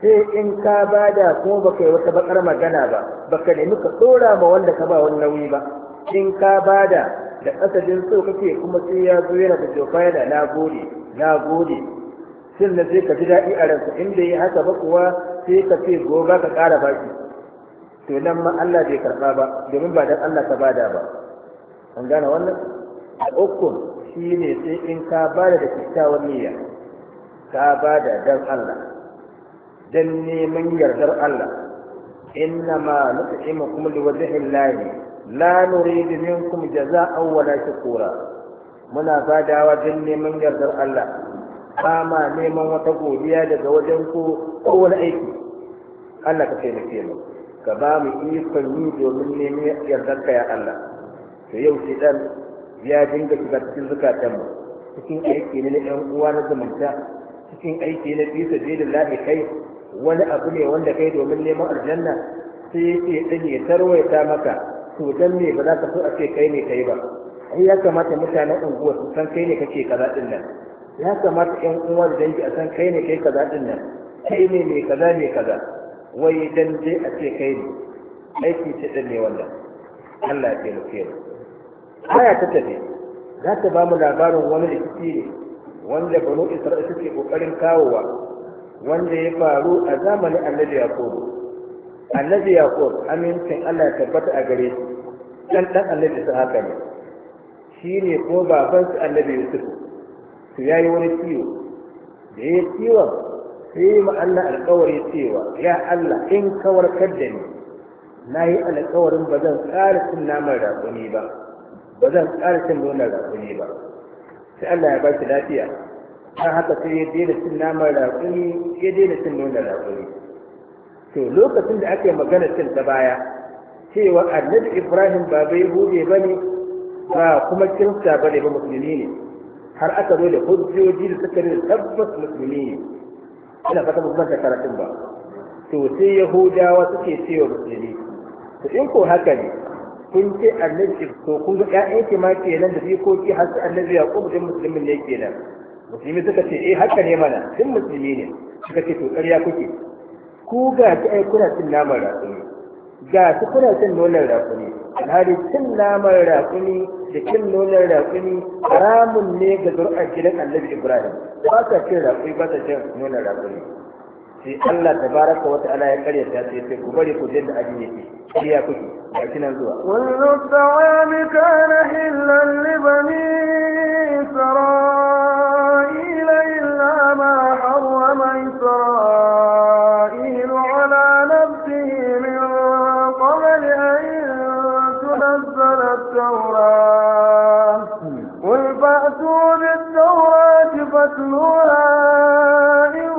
sai in ka ba da kuma ba kai wata bakar magana ba ba ka nemi ka tsora ma wanda ka ba wani nauyi ba in ka ba da da asalin so kake kuma sai ya zo yana da jofa yana nagode? gode na gode sun na sai ka ji daɗi a ransa in ya yi haka ba kuwa sai ka ce gobe ka ƙara baki to nan ma Allah bai karɓa ba domin ba dan Allah ka bada ba an gane wannan al'ukun shi ne sai in ka bada da kyakkyawan niyya ka bada dan Allah dan neman yardar Allah innama nut'imukum Allah la nuridu minkum jaza'an wala shukura muna badawa dan neman yardar Allah ba neman wata godiya daga wajen ko kowane aiki Allah ka taimake mu ka ba mu ikon yi domin neman ka ya Allah to yau shi dan ya dinga shiga cikin zukatan mu cikin aiki ne na ɗan uwa na zumunta cikin aiki na fi lafi kai wani abu ne wanda kai domin neman aljanna sai yake dane tarwaita maka to dan ne ba za ka so a ce kai ne kai ba ai ya kamata mutanen unguwa su san kai ne kake kaza din nan ya kamata ƴan uwa da dangi a san kai ne kai kaza din nan kai ne mai kaza mai kaza wai dan dai a ce kai ne aiki ce din ne wannan Allah ya kai mu aya ta tafi za ta bamu labarin wani da kike ne wanda banu isra'ila suke kokarin kawowa wanda ya faru a zamanin annabi yaqub annabi yaqub amincin Allah ya tabbata a gare shi dan dan annabi su haka ne shine ko baban su annabi yusuf to yayi wani ciwo da ya ciwon sai yi Allah alkawari cewa ya Allah in kawar warkar da ni na yi alkawarin ba zan ƙara cin naman raƙuni ba ba zan ƙara cin nonon raƙuni ba sai Allah ya ba shi lafiya har haka sai ya daina cin naman raƙuni ya daina cin nonon raƙuni to lokacin da aka yi magana cin ta baya cewa annabi ibrahim ba bai hude ba ne ba kuma kirista ba ne ba musulmi ne har aka zo da hujjoji da suka nuna tabbas musulmi ne ina fata musamman da karatun ba to sai yahudawa suke cewa musulmi to in ko haka ne kun ce annabi to kun ga ƴaƴan ma ma kenan da jikoki har sai annabi ya koma din musulmin ne kenan musulmi suka ce eh haka ne mana din musulmi ne suka ce to ƙarya kuke ku ga ki ai kuna cin naman raƙumi ga su kuna cin nonon raƙumi alhali cin naman raƙumi kin nonon raƙumi haramun ne ga zuri'ar gidan annabi ibrahim ba ta cin raƙumi ba ta cin nonon raƙumi sai allah ta baraka wata ala ya karya ta sai sai ku bari ku jin da abin yake shi ya kuke ga nan zuwa kullu tawami kana hillan libani bani ila illa ma harrama isra'ila التوراة قل فأتوا بالتوراة فاتلوها إن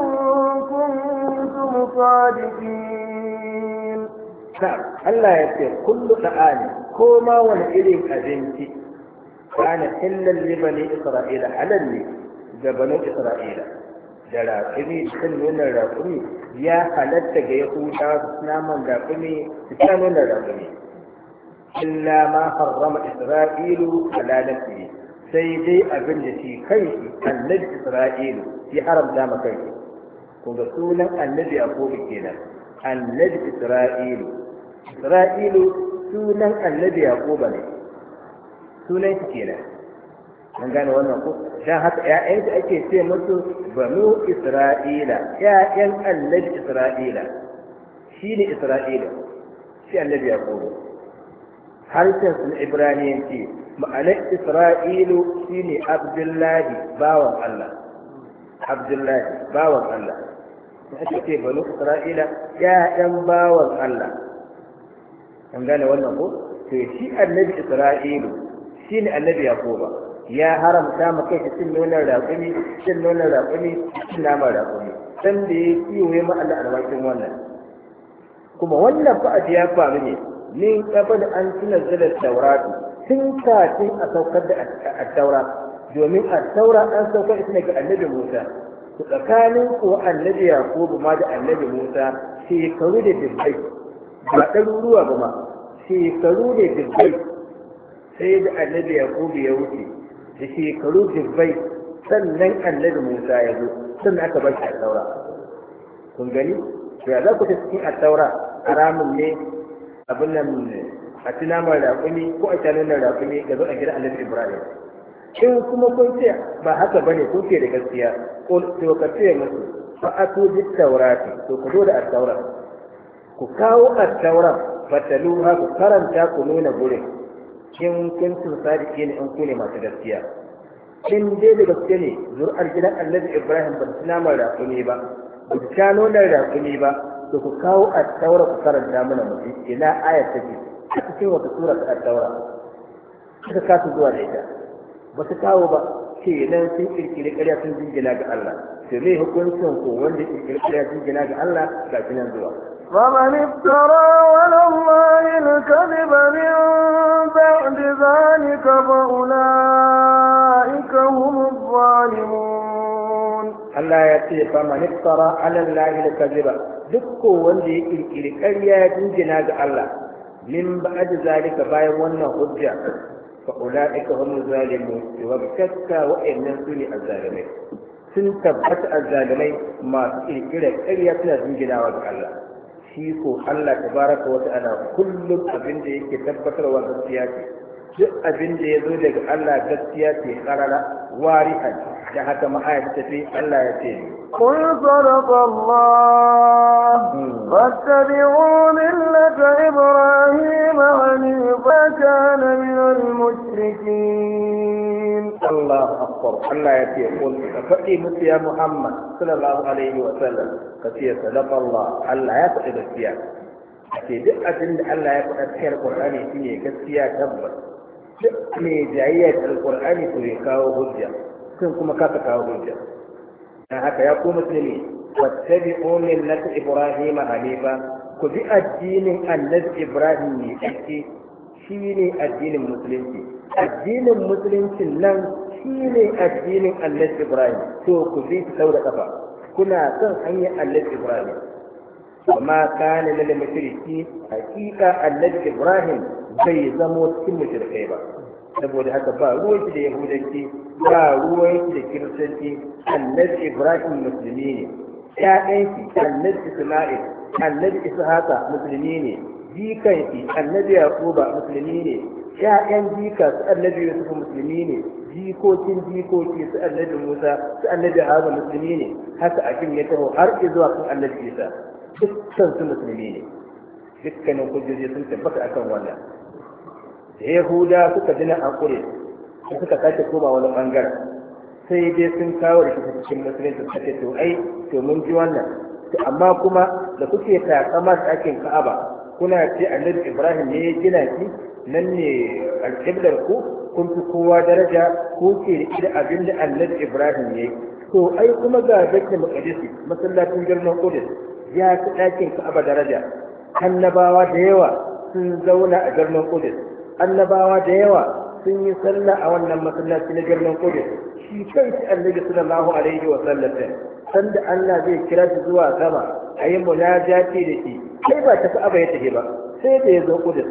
كنتم صادقين نعم، الله يقول كل تعالى كوما ونئلهم أبنتي كان إلا لبني إسرائيل على اللي بني إسرائيل da raƙumi cin nunan raƙumi ya halatta ga yahudawa su naman raƙumi su sha nunan illa ma harrama isra'ilu ala nafsihi sai dai abin da shi kanshi annabi isra'ilu ya haramta ma kanshi kun sunan annabi yaqubu kenan annabi isra'ilu isra'ilu sunan annabi yaqubu ne sunan shi kenan an gane wannan ko dan haka ƴaƴan ake ce musu banu isra'ila ƴaƴan annabi isra'ila shi annabi harshen sun ibraniyanci ma'anar isra'ilu shine abdullahi bawan allah abdullahi bawan allah ake ce banu isra'ila ya'yan bawan allah an gane wannan ko to shi annabi isra'ilu shine annabi yakuba ya haramta ma kai cin nuna raƙumi cin nuna raƙumi cin nama raƙumi sanda ya ya kiwo ya ma'ala a wannan kuma wannan fa'ad ya faru ne min da an tunzila at-taurat tun kafin a saukar da a taura domin a taura an saukar ita ne ga annabi Musa to tsakanin ko annabi Yakubu ma da annabi Musa shekaru da dubbai ba ɗaruruwa ba ma shekaru da dubbai sai da annabi Yakubu ya wuce da shekaru dubbai sannan annabi Musa ya zo sannan aka bar shi a taura kun gani ya za ku ta cikin a taura haramun ne abin nan a ci naman raƙumi ko a canin nan raƙumi ga zo a gida annabi ibrahim in kuma kun ce ba haka ba ne kun ce da gaskiya ko to ka ce musu fa atu bit tawrati to ku zo da at ku kawo at ta fataluha ku karanta ku nuna gurin in kun sun ke ne in ku ne masu gaskiya in dai da gaske ne zuri'ar gidan annabi ibrahim ba su naman raƙumi ba ba su cano nan raƙumi ba to ku kawo a taura ku karanta mana mu ina ayar take a cikin wata sura ta taura suka kasu zuwa da ita ba su kawo ba ke nan sun kirkiri ƙarya sun jingina ga Allah to me hukuncin ku wanda kirkiri ƙarya sun jingina ga Allah ga kinan zuwa فمن افترى على الله الكذب من بعد ذلك فأولئك هم الظالمون Allah ya ce fa man iftara ala Allah al-kadhiba duk wanda ya kirkiri ƙarya ya jingina ga Allah min ba'd zalika bayan wannan hujja fa ulaika humul zalimun wa kakka wa innan suni azzalimai sun tabbata azzalimai masu kirkira ƙarya suna dinginawa ga Allah shi ko Allah tabaraka wa ta'ala kullum abin da yake tabbatarwa gaskiya ce duk abin da ya zo daga Allah gaskiya ce karara jiki. da haka ma'ayar tafi Allah ya ce kun sadaqa Allah fattabi'u millata Ibrahim hanifa kana min al-mushrikin Allah akbar Allah ya ce kun faɗi musu ya Muhammad sallallahu alaihi wa sallam ka ce sadaqa Allah Allah ya faɗi gaskiya ake duk abin da Allah ya faɗa cikin Qur'ani shine gaskiya tabbas duk mai jayyar Al-Qur'ani to ya kawo hujja sun kuma kasa kawo hujja dan haka ya ku musulmi wattabi'u millata ibrahim hanifa ku bi addinin annabi ibrahim ne shi shine addinin musulunci addinin Musulunci nan shine addinin annabi ibrahim to ku bi sau da kafa kuna son hanyar annabi ibrahim وما كان للمشركين حقيقة الذي إبراهيم bai zamo cikin mushrikai ba saboda haka ba ruwanki da yahudanci ba ruwanki da kiristanci annabi ibrahim musulmi ne ƴaƴan shi annabi isma'il annabi ishaqa musulmi ne Jikanki annabi yaquba musulmi ne Ya'yan jika su annabi yusuf musulmi ne jikokin jikoki su annabi musa su annabi haza musulmi ne haka abin ya taho har zuwa kan annabi isa dukkan su musulmi ne dukkanin hujjoji sun tabbata akan wannan da yahuda suka jina a kure da suka sake koma wani sai dai sun kawo da cikin musulunci suka ce to ai to mun ji wannan to amma kuma da kuke ta kama ɗakin ka'aba kuna ce annabi ibrahim ne ya gina ki nan ne alƙiblar ku kun fi kowa daraja ko ke da abin da annabi ibrahim ne? to ai kuma ga bakin makadisi masallacin birnin kudus ya fi ɗakin ka'aba daraja annabawa da yawa sun zauna a birnin kudus annabawa da yawa sun yi sallah a wannan masallaci na birnin kudus shi kanshi annabi sallallahu alaihi wa sallam sanda Allah zai kira shi zuwa sama a yi munajati da shi kai ba tafi aba ya tafi ba sai da ya zo kudus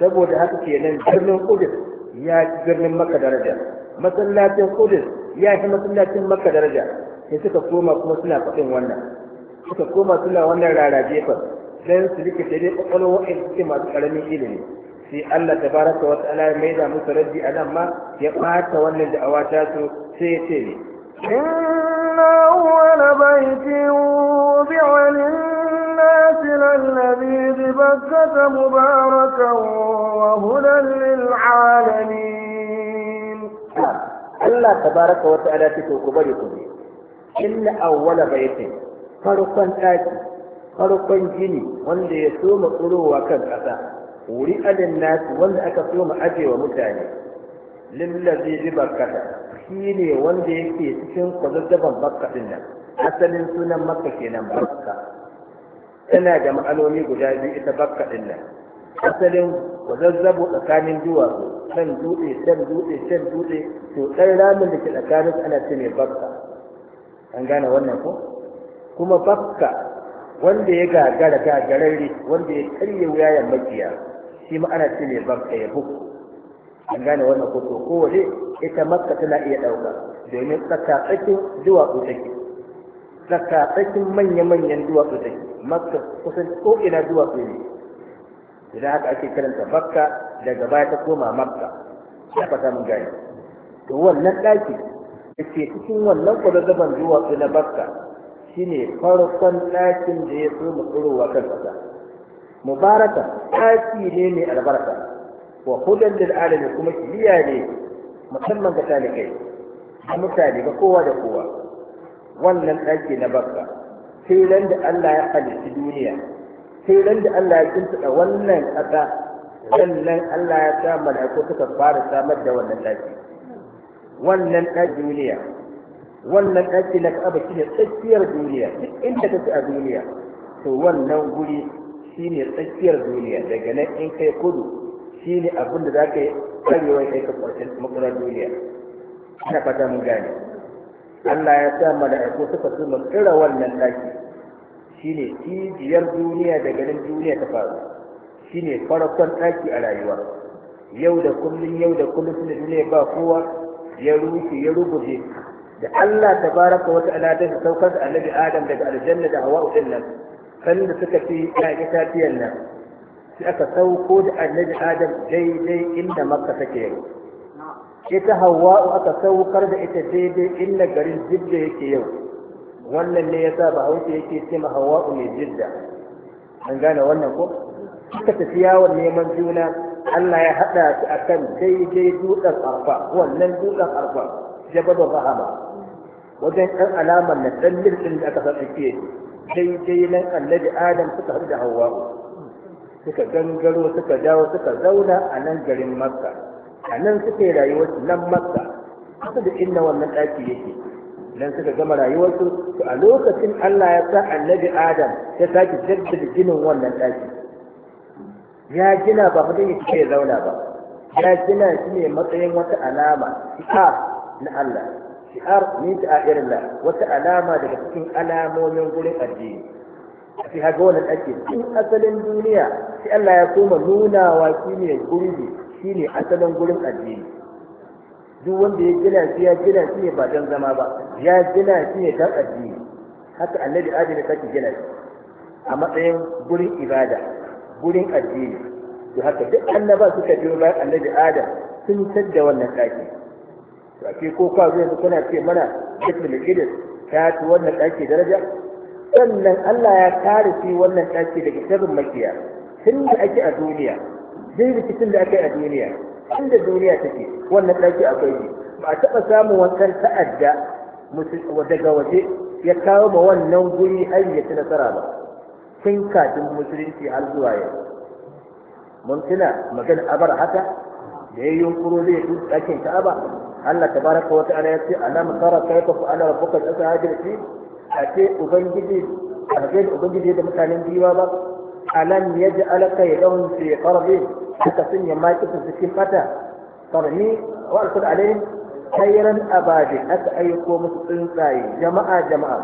saboda haka kenan birnin kudus ya ci birnin maka daraja masallacin kudus ya fi masallacin maka daraja sai suka koma kuma suna faɗin wannan suka koma suna wannan rara jefar dan su rike da dai kwakwalwa in suke masu ƙaramin ilimi sai Allah ta tabaraka wa ta'ala ya maida musu raddi a nan ma ya ɓata wannan da'awa ta su sai ya ce ne inna awwala baitin wudi'a lin-nas lalladhi bi bakkata mubarakan wa hudan lil-alamin Allah ta wa ta'ala ta ko bari ku ne inna awwala baitin farkon daki farkon gini wanda ya soma tsurowa kan ƙasa wuri adin nasu wanda aka so mu aje wa mutane lillazi bi bakkata shi ne wanda yake cikin kwazazzaban bakka din nan asalin sunan makka kenan bakka tana da ma'anoni guda biyu ita bakka din nan asalin kwazazzabo tsakanin duwatsu can dutse can dutse can dutse to ɗan ramin da ke tsakanin ana ce mai bakka an gane wannan ko kuma bakka wanda ya gagara gagararri wanda ya karye wuyayen makiya shi ma ana ce ne bakka ya bukku an gane wannan ko to kowace ita makka tana iya ɗauka domin tsaka tsakin duwatsu take tsakin manya-manyan duwatsu take makka kusan ko ina duwatsu ne idan haka ake karanta makka daga baya ta koma makka ya fata mun gane to wannan ɗaki da ke cikin wannan kwadazzaban duwatsu na makka shine farkon ɗakin da ya so mu tsirowa kan ƙasa mubaraka taki ne mai albarka wa hudan da alamin kuma kiriya ne musamman ga talibai a mutane ga kowa da kowa wannan ɗaki na bakka sai nan da Allah ya halitta duniya sai nan da Allah ya kintuɗa wannan ƙasa sannan Allah ya sa mala'iku suka fara samar da wannan ɗaki wannan ɗaki duniya wannan ɗaki na Ka'aba shine tsakiyar duniya duk inda kake a duniya to wannan guri shine tsakiyar duniya daga nan in kai kudu shine abin da za ka yi karewa kai ka ƙarshen makwarar duniya ana fata mun gane Allah ya sa mala'iku suka su mun kira wannan daki shine cijiyar duniya daga nan duniya ta faru shine farkon daki a rayuwa yau da kullun yau da kullun suna duniya ba kowa ya rushe ya rubuce. da Allah tabaraka wata ala ta saukar annabi Adam daga aljanna da hawa'u din nan kan da suka ci ƴaƴan itatiyan nan sai aka sauko da annabi adam daidai inda makka take yau ita hawa'u aka saukar da ita daidai inda garin jidda yake yau wannan ne yasa Hausa yake ce ma hawa'u mai jidda an gane wannan ko suka tafi yawon neman juna Allah ya haɗa su a kan daidai dutsen arfa wannan dutsen arfa jababar rahama wajen ɗan alamar na ɗan lirɗin da aka sa tsakiye daidai nan annabi adam suka haɗu da hawa'u suka gangaro suka dawo suka zauna a nan garin makka a nan suka yi rayuwarsu nan makka haka da inna wannan ɗaki yake dan suka gama rayuwarsu to a lokacin Allah ya sa annabi adam ya sake jaddada ginin wannan ɗaki ya gina ba mutum ya cike ya zauna ba ya gina shi ne matsayin wata alama ta na Allah shi'ar min sha'irillah wata alama daga cikin alamomin gurin addini sai haga wannan ake cikin asalin duniya sai Allah ya koma nuna wa shine gurbi shine asalin gurin addini duk wanda ya gina shi ya gina shi ne ba dan zama ba ya gina shi ne dan addini haka annabi adini ya sake gina shi a matsayin gurin ibada gurin addini to haka duk annaba suka biyo bayan annabi adam sun tadda wannan ɗaki to ake ko ka zo yanzu kana ce mana jikin al ta ci wannan ɗaki daraja sannan Allah ya kare shi wannan ɗaki daga sharrin makiya tun da ake a duniya duk rikicin da aka yi a duniya tun da duniya take wannan ɗaki akwai ne ba a taɓa samun wancan ta'adda daga waje ya kawo ma wannan guri ayyata nasara ba tun kafin musulunci har zuwa yau mun tuna magana abar haka da ya yunkuro zai yi ɗakin ka'aba Allah tabaraka wa ta'ala ya ce alam tara kayfa fa'ala rabbuka bi ashabil fi a ce ubangiji a ga ubangiji da mutanen biwa ba alam yaj'al kaydahum fi qarbi haka sun ya maki su cikin fata qarni wa alqad alaihim khayran abadi aka ayyuko musu tsuntsaye jama'a jama'a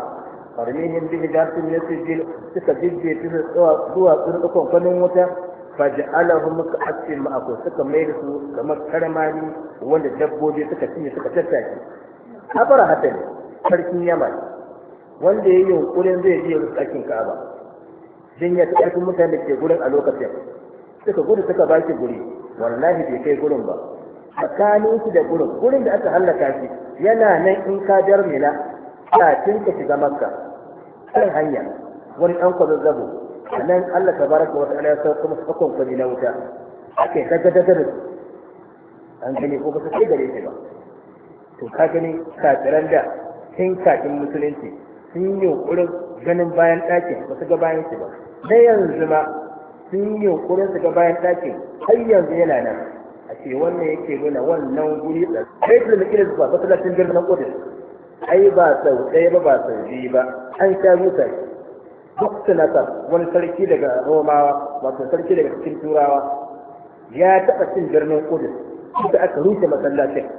qarnihim bi hijatin yasjil suka jibbe su zuwa tsurkon kwanin wuta faj'alahum ka'asfin ma'akum suka mai da su kamar karmani wanda dabbobi suka cinye suka tattaki abara ne, sarkin yaman wanda yayi yunkurin zai je tsakin ka'aba din ya tafi mutanen da ke gurin a lokacin suka gudu suka ba shi guri wallahi bai kai gurin ba tsakanin shi da gurin gurin da aka hallaka shi yana nan in ka jar mina kafin ka shiga makka kan hanya wani ɗan kwazazzabo Sannan Allah baraka wa ta'ala ya kuma musu fakon kwani na wuta ake daga daga da an gani ko ba su kai gare shi ba to ka gani kafiran da sun kafin musulunci sun yi yunkurin ganin bayan ɗakin ba su ga bayan shi ba na yanzu ma sun yi yunkurin su ga bayan ɗakin har yanzu yana nan a ce wannan yake nuna wannan guri da sai da mutum ba masallacin birnin Qudus ai ba sau ɗaya ba ba sau biyu ba an sha mutane Muktinatar wani sarki daga Romawa wato sarki daga cikin Turawa ya taɓa cin birnin Kudus inda aka rushe masallacin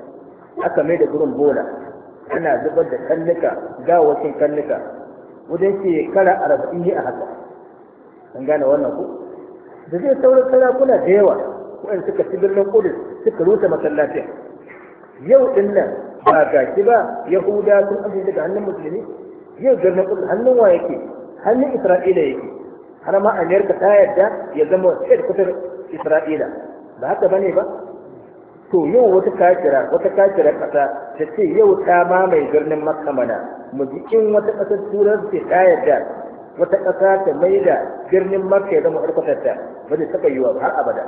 aka mai da gurin bola ana zubar da kannuka gawacin kannuka wajen ke shekara arba'in ne a haka an gane wannan ku da zai sauran sarakuna da yawa waɗanda suka ci birnin Kudus suka rushe masallacin yau ɗin nan ba gashi ba Yahuda sun amince daga hannun musulmi yau birnin Kudus hannun wa yake hannun isra'ila yake har ma amerika ta yadda ya zama headquarter isra'ila ba haka bane ba to yau wata kafira wata kafira kasa ta ce yau ta mamaye birnin makka mana mu jikin wata kasar turar ce ta yadda wata kasa ta mai da birnin makka ya zama headquarter ta ba zai taɓa yiwa har abada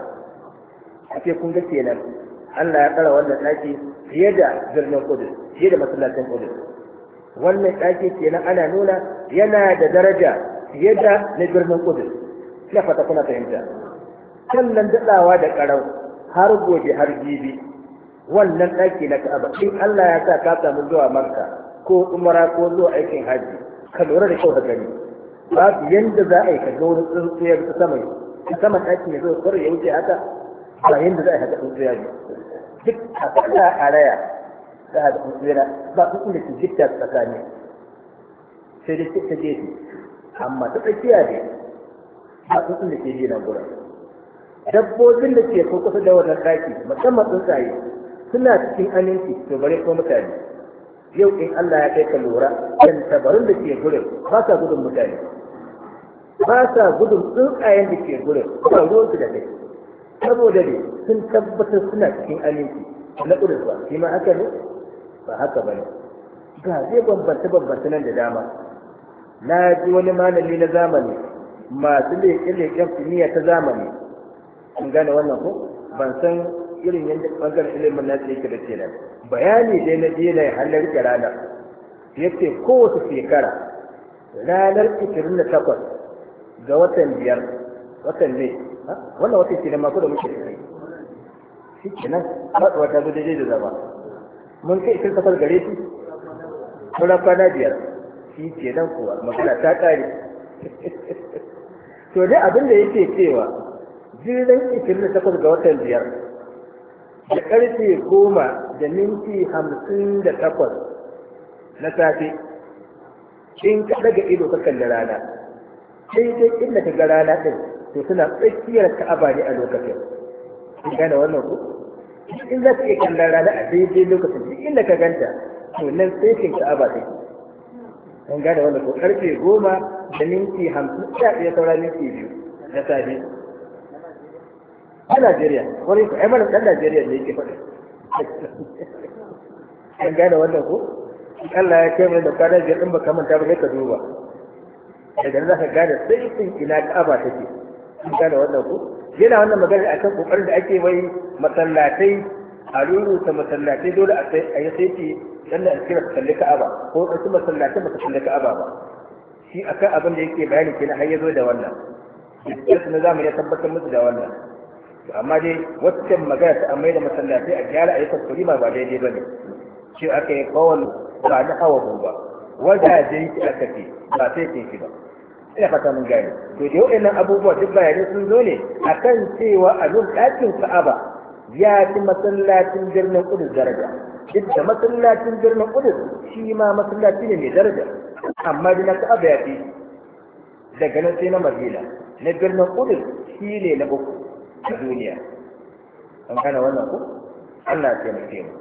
ake kun ga kenan Allah ya tsara wannan ɗaki fiye da birnin Kudus fiye da masallacin Kudus wannan ɗaki kenan ana nuna yana da daraja fiye da na birnin kudus na fata kuna fahimta sannan daɗawa da ƙarau har gobe har jibi wannan ɗaki na ka'aba in Allah ya sa ka samu zuwa marka ko umara ko zuwa aikin hajji ka lura da kyau da gani babu yanda za a yi ka ga wani tsuntsiyar saman saman ɗaki ne zai kwarar ya wuce haka ba yanda za a yi haka tsuntsiya ne duk a tsaya a raya za a tsaya tsuntsiyar ba su inda su jikta tsakani sai dai ta su amma ta tsakiya ne a tsutsun da ke ji na gurin dabbobin da ke ko kusa da wannan ɗaki musamman tsuntsaye suna cikin aminci to bare ko mutane yau in Allah ya kai ka lura yan tabarun da ke gurin ba sa gudun mutane ba sa gudun tsuntsayen da ke gurin ba ruwan su da kai saboda ne sun tabbatar suna cikin aminci na ƙudurwa shi ma haka ne ba haka ba ne ga zai bambanta bambanta nan da dama na ji wani malami na zamani masu leƙe-leƙen kimiyya ta zamani an gane wannan ko ban san irin yadda ɓangar ilimin nasu yake da kenan bayani dai na je na halar ke rana. ya ce kowace shekara ranar 28 ga watan biyar watan ne wannan watan ke da mako da muke da shi nan matsuwa ta zo daidai da zama mun kai isar kafar gare shi sauran kwana biyar shi ce nan kuwa magana ta kare to dai abin da yake cewa jirgin ikirin da takwas ga watan biyar da karfe goma da minti hamsin da takwas na safe in ka daga ido ka kalli rana sai dai inda ka ga rana ɗin to suna tsakiyar ka'aba ne a lokacin in gane wannan ku in za ka iya kallon rana a daidai lokacin duk inda ka ganta to nan sai ka'aba take an gane wanda ko karfe goma da minti hamsin sha ɗaya saura minti biyu na safe a Najeriya wani ko ai mana ɗan Najeriya ne yake faɗi An gane wanda ko Allah ya kai mai da kwanar biyar ɗin baka manta ba ka duba daga nan za ka gane sai sun ina ka'aba take An gane wanda ko yana wannan magana kan kokarin da ake wai masallatai a rurrusa masallatai dole a yi saiti Sannan a cikin kalli ka'aba ko wasu masallatai ba ka ka'aba ba shi akan abin da yake bayani kenan har ya zo da wannan duk na zamani ya tabbatar musu da wannan amma dai waccan magana ta amai da masallatai a gyara a yi kuskure ba daidai ba ne shi aka yi kawal ba na hawa ba Wanda wajajen shi aka ce ba sai ce shi ba ina fata mun gane to da waɗannan abubuwa duk bayani sun zo ne kan cewa a nun ɗakin ka'aba ya ci masallacin birnin kudus daraja duk da masallacin birnin Qudus shi ma masallaci ne mai daraja amma dina ta ya fi daga nan sai na Madina na birnin Qudus shi ne na uku a duniya an kana wannan ku Allah ya taimake mu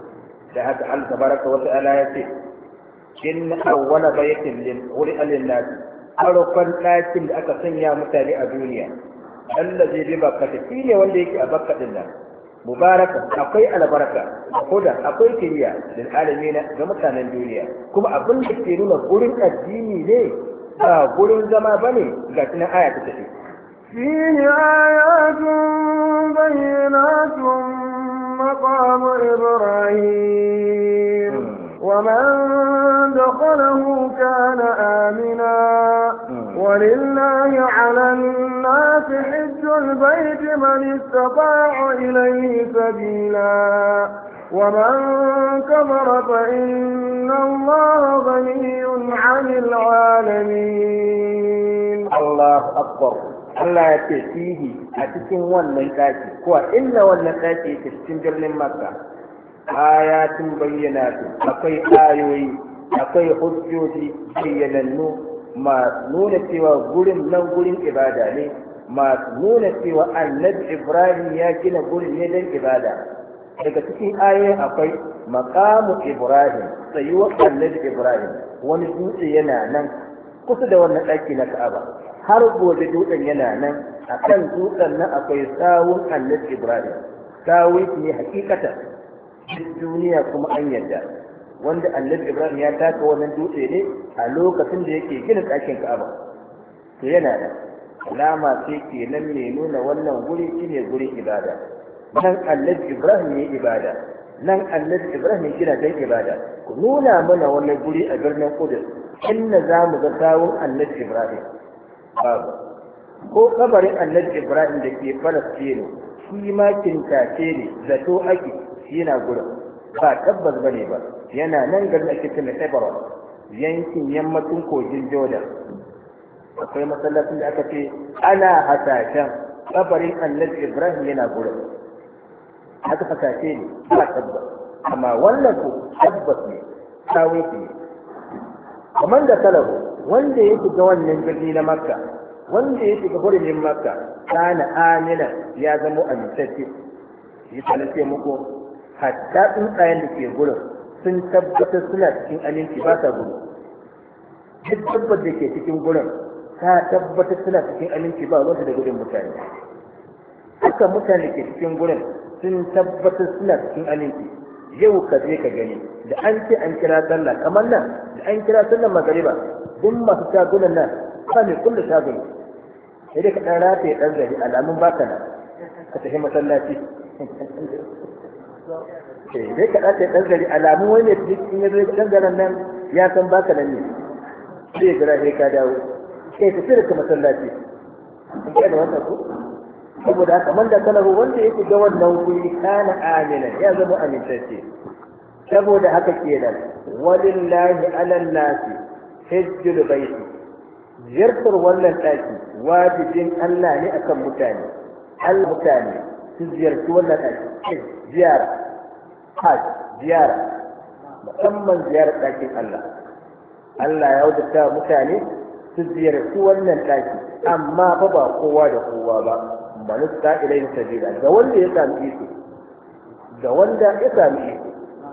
da haka Allah tabaraka wa ta'ala ya ce in awwala baytin lil qur'an lin nas farkon lakin da aka sanya mutane a duniya allazi bi bakkata shi ne wanda yake a bakka din nan mubaraka akwai albarka da akwai kiriya lil alamina ga mutanen duniya kuma abin da ke nuna gurin addini ne ba gurin zama bane ga tunan aya ta tafi فيه آيات بينات مقام إبراهيم ومن دخله كان آمنا ولله على الناس حج البيت من استطاع إليه سبيلا ومن كفر فإن الله غني عن العالمين الله أكبر Allah ya ce fihi a cikin wannan ɗaki ko a inda wannan ɗaki yake cikin birnin Makka ayatun bayyanatu akwai ayoyi akwai hujjoji bayyanannu masu nuna cewa gurin nan gurin ibada ne masu nuna cewa annabi ibrahim ya gina gurin ne don ibada daga cikin ayoyin akwai makamu ibrahim tsayuwar annabi ibrahim wani dutse yana nan kusa da wannan ɗaki na ka'aba har gobe dutsen yana nan a kan dutsen nan akwai sawun annabi ibrahim sawun ne hakikatan cikin duniya kuma an yarda wanda annabi ibrahim ya taka wannan dutse ne a lokacin da yake gina ɗakin ka'aba to yana da alama sai ke nan mai nuna wannan guri shine guri ibada nan annabi ibrahim ya ibada nan annabi ibrahim ya gina dan ibada ku nuna mana wannan guri a birnin kudus inna za mu ga sawun annabi ibrahim babu ko kabarin annabi ibrahim da ke falastino shi ma kintace ne zato ake yana gurin ba tabbas bane ba yana nan garin ake cikin Hebron yankin yammacin kogin Jordan akwai masallacin da aka ce ana hasashen kabarin annabi Ibrahim yana gurin haka hasashe ne ba tabbas amma wannan ko tabbas ne tawiki ne kamar da talabu wanda ya shiga wannan birni na makka wanda ya shiga hurumin makka kana amina ya zama amintacce yi talace muku hatta tsuntsayen da ke gurin sun tabbatar suna cikin aminci ba sa gudu duk tabbat da ke cikin gurin ta tabbatar suna cikin aminci ba ruwansu da gudun mutane haka mutane ke cikin gurin sun tabbatar suna cikin aminci yau ka je ka gani da an ce an kira sallah kamar nan da an kira sallah magariba duk masu shagunan nan ba mai kulle tagun. sai dai ka dan rataye ɗan gari alamun baka nan ka tafi masallaci sai eh, ka ta ɗan gari alamu wani ne duk in ya zo nan ya san baka nan ne sai ya sai ka dawo sai ka fi daga masallaci in kai da wannan ko saboda haka man da kalahu wanda yake ga wannan wuri kana amina ya zama amintacce saboda haka kenan walillahi alal nasi hajjul baiti ziyartar wannan ɗaki wajibin Allah ne akan mutane al mutane su ziyarci wannan ɗaki ziyara hajj ziyara musamman ziyarar ɗakin Allah Allah ya wajabta mutane su ziyarci wannan ɗaki amma fa ba kowa da kowa ba manusta ilayhi sabila ga wanda ya sami iko ga wanda ya sami iko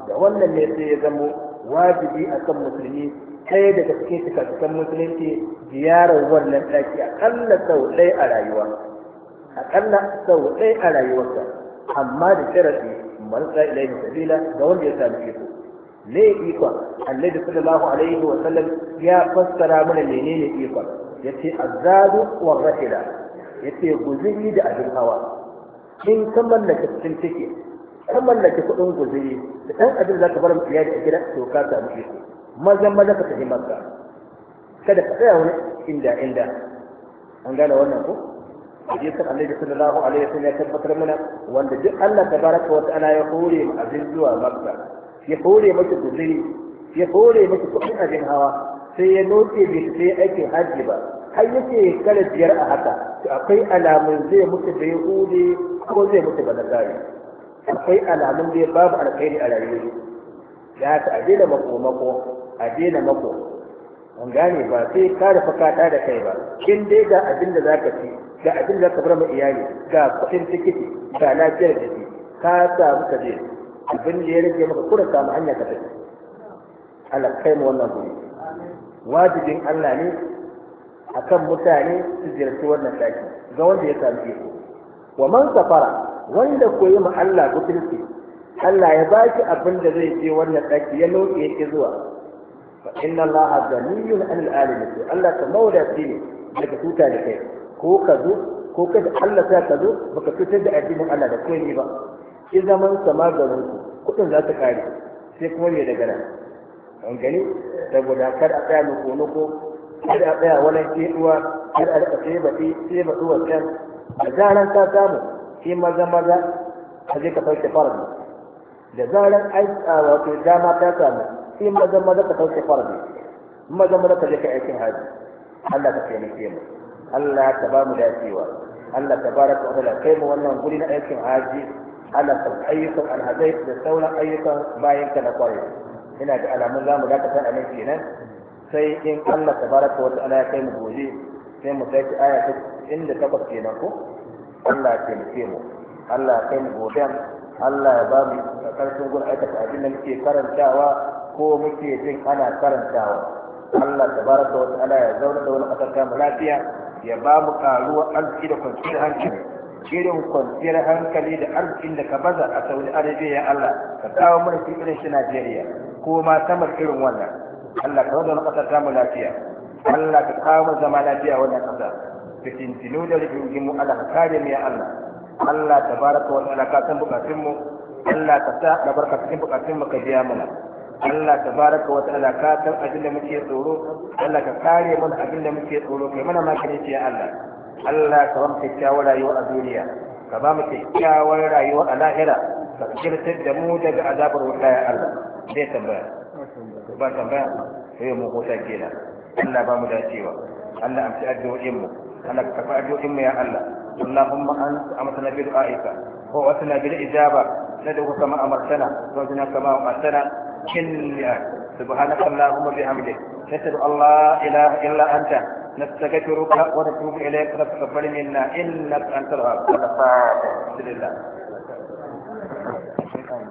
da wannan ne sai ya zamo wajibi a kan musulmi ɗaya daga cikin cikakken musulunci ziyarar wannan ɗaki a aƙalla sau ɗaya a rayuwa a aƙalla sau ɗaya a rayuwarsa amma da sharadi man sa ilaihi sabila da wanda ya sami iko ne ikon annabi sallallahu alaihi wa sallam ya fassara mana menene ikon yace azadu wa rahila yace guzuri da abin hawa in ka mallaka cikin take ka mallaka kudin guzuri da dan abin da ka bar mu iyali a gida to ka sami iko maza maza ka tafi makka kada ka tsaya wani inda inda an gane wannan ko hadisin annabi sallallahu alaihi wasallam ya tabbatar mana wanda duk Allah tabaraka wa ta'ala ya hore mu abin zuwa makka ya hore miki guzuri ya hore miki kuɗin abin hawa sai ya noce bai sai aikin hajji ba har yake kala biyar a haka to akwai alamun zai mutu da yahudi ko zai mutu ba gari akwai alamun zai babu alkhairi a rayuwa ya ta aje da mako mako aje da mako an gane ba sai ka rufa kata da kai ba Kin dai ga abin da zaka ci ga abin da ka bar mu iyali ga kuɗin tikiti ga lafiyar jiki ka samu ka je abin da ya rage maka kuɗin samu hanya ka tafi Allah kai mu wannan guri wajibin Allah ne akan mutane su ziyarci wannan daki ga wanda ya samu iko wa man safara wanda koyi ma Allah gutulci Allah ya baki abin da zai je wannan daki ya loke yake zuwa fa inna Allah ghaniyyun 'anil 'alamin Allah ta mauda ne daga tuta da kai ko ka zo ko ka da Allah ta ka zo baka fitar da addinin Allah da komai ba in zaman sama garin ku kudin za su kare sai kuma me daga nan an gani saboda kar a tsaya nuko ko kar a tsaya wani keduwa kar a rika sai baɗi sai baɗi wancan a zaran ka samu sai maza maza a je ka sauke ne da zaran ai wato dama ta samu sai maza maza ka sauke ne maza maza ka je ka aikin haji Allah ka taimake mu Allah ka ba mu dacewa Allah ta baraka wa ta'ala kai mu wannan guri na aikin haji Allah ta ayyukan alhazai da sauran ayyukan bayan ka na kwarai ina da alamun za mu dakata a nan kenan sai in Allah ta baraka wa ta'ala ya kai mu gobe sai mu sai aya ta inda takwas kenan ko Allah ya taimake mu Allah ya kai mu gobe Allah ya ba mu karfin gurin aikata abin da muke karantawa ko muke jin ana karantawa Allah ta ta wata ala ya zauna da wani kasar mu lafiya ya ba mu karuwar arziki da kwanciyar hankali irin kwanciyar hankali da arzikin da ka baza a saudi arabia ya allah ka kawo mana su irin shi najeriya ko ma samar irin wannan allah ka wanda na ƙasar samu lafiya allah ka kawo mu zama lafiya wannan ƙasa da tintinu da rikin mu allah ka kare mu ya allah allah tabaraka wa ta'ala ka san mu. allah ka sa da barka cikin bukatunmu ka biya mana Allah ta baraka wata ala ka san abin da muke tsoro Allah ka kare mana abin da muke tsoro kai mana makirin ya Allah Allah ka bamu kyakkyawar rayuwa a duniya ka ba mu kyakkyawar rayuwa a lahira ka kirtar da mu daga azabar wuta ya Allah zai tambaya ba tambaya sai mu huta kenan Allah ba mu dacewa Allah amsa addu'o'in mu Allah ka karɓi addu'o'in mu ya Allah اللهم أنت أمتنا بدعائك ووأتنا بالإجابة ندعوك كما أمرتنا وزنا كما وقتنا كلا سبحانك اللهم بحمدك نسأل الله إله إلا أنت نستغفرك ونتوب إليك فتقبل منا إنك أنت الغفور الفاتح بسم الله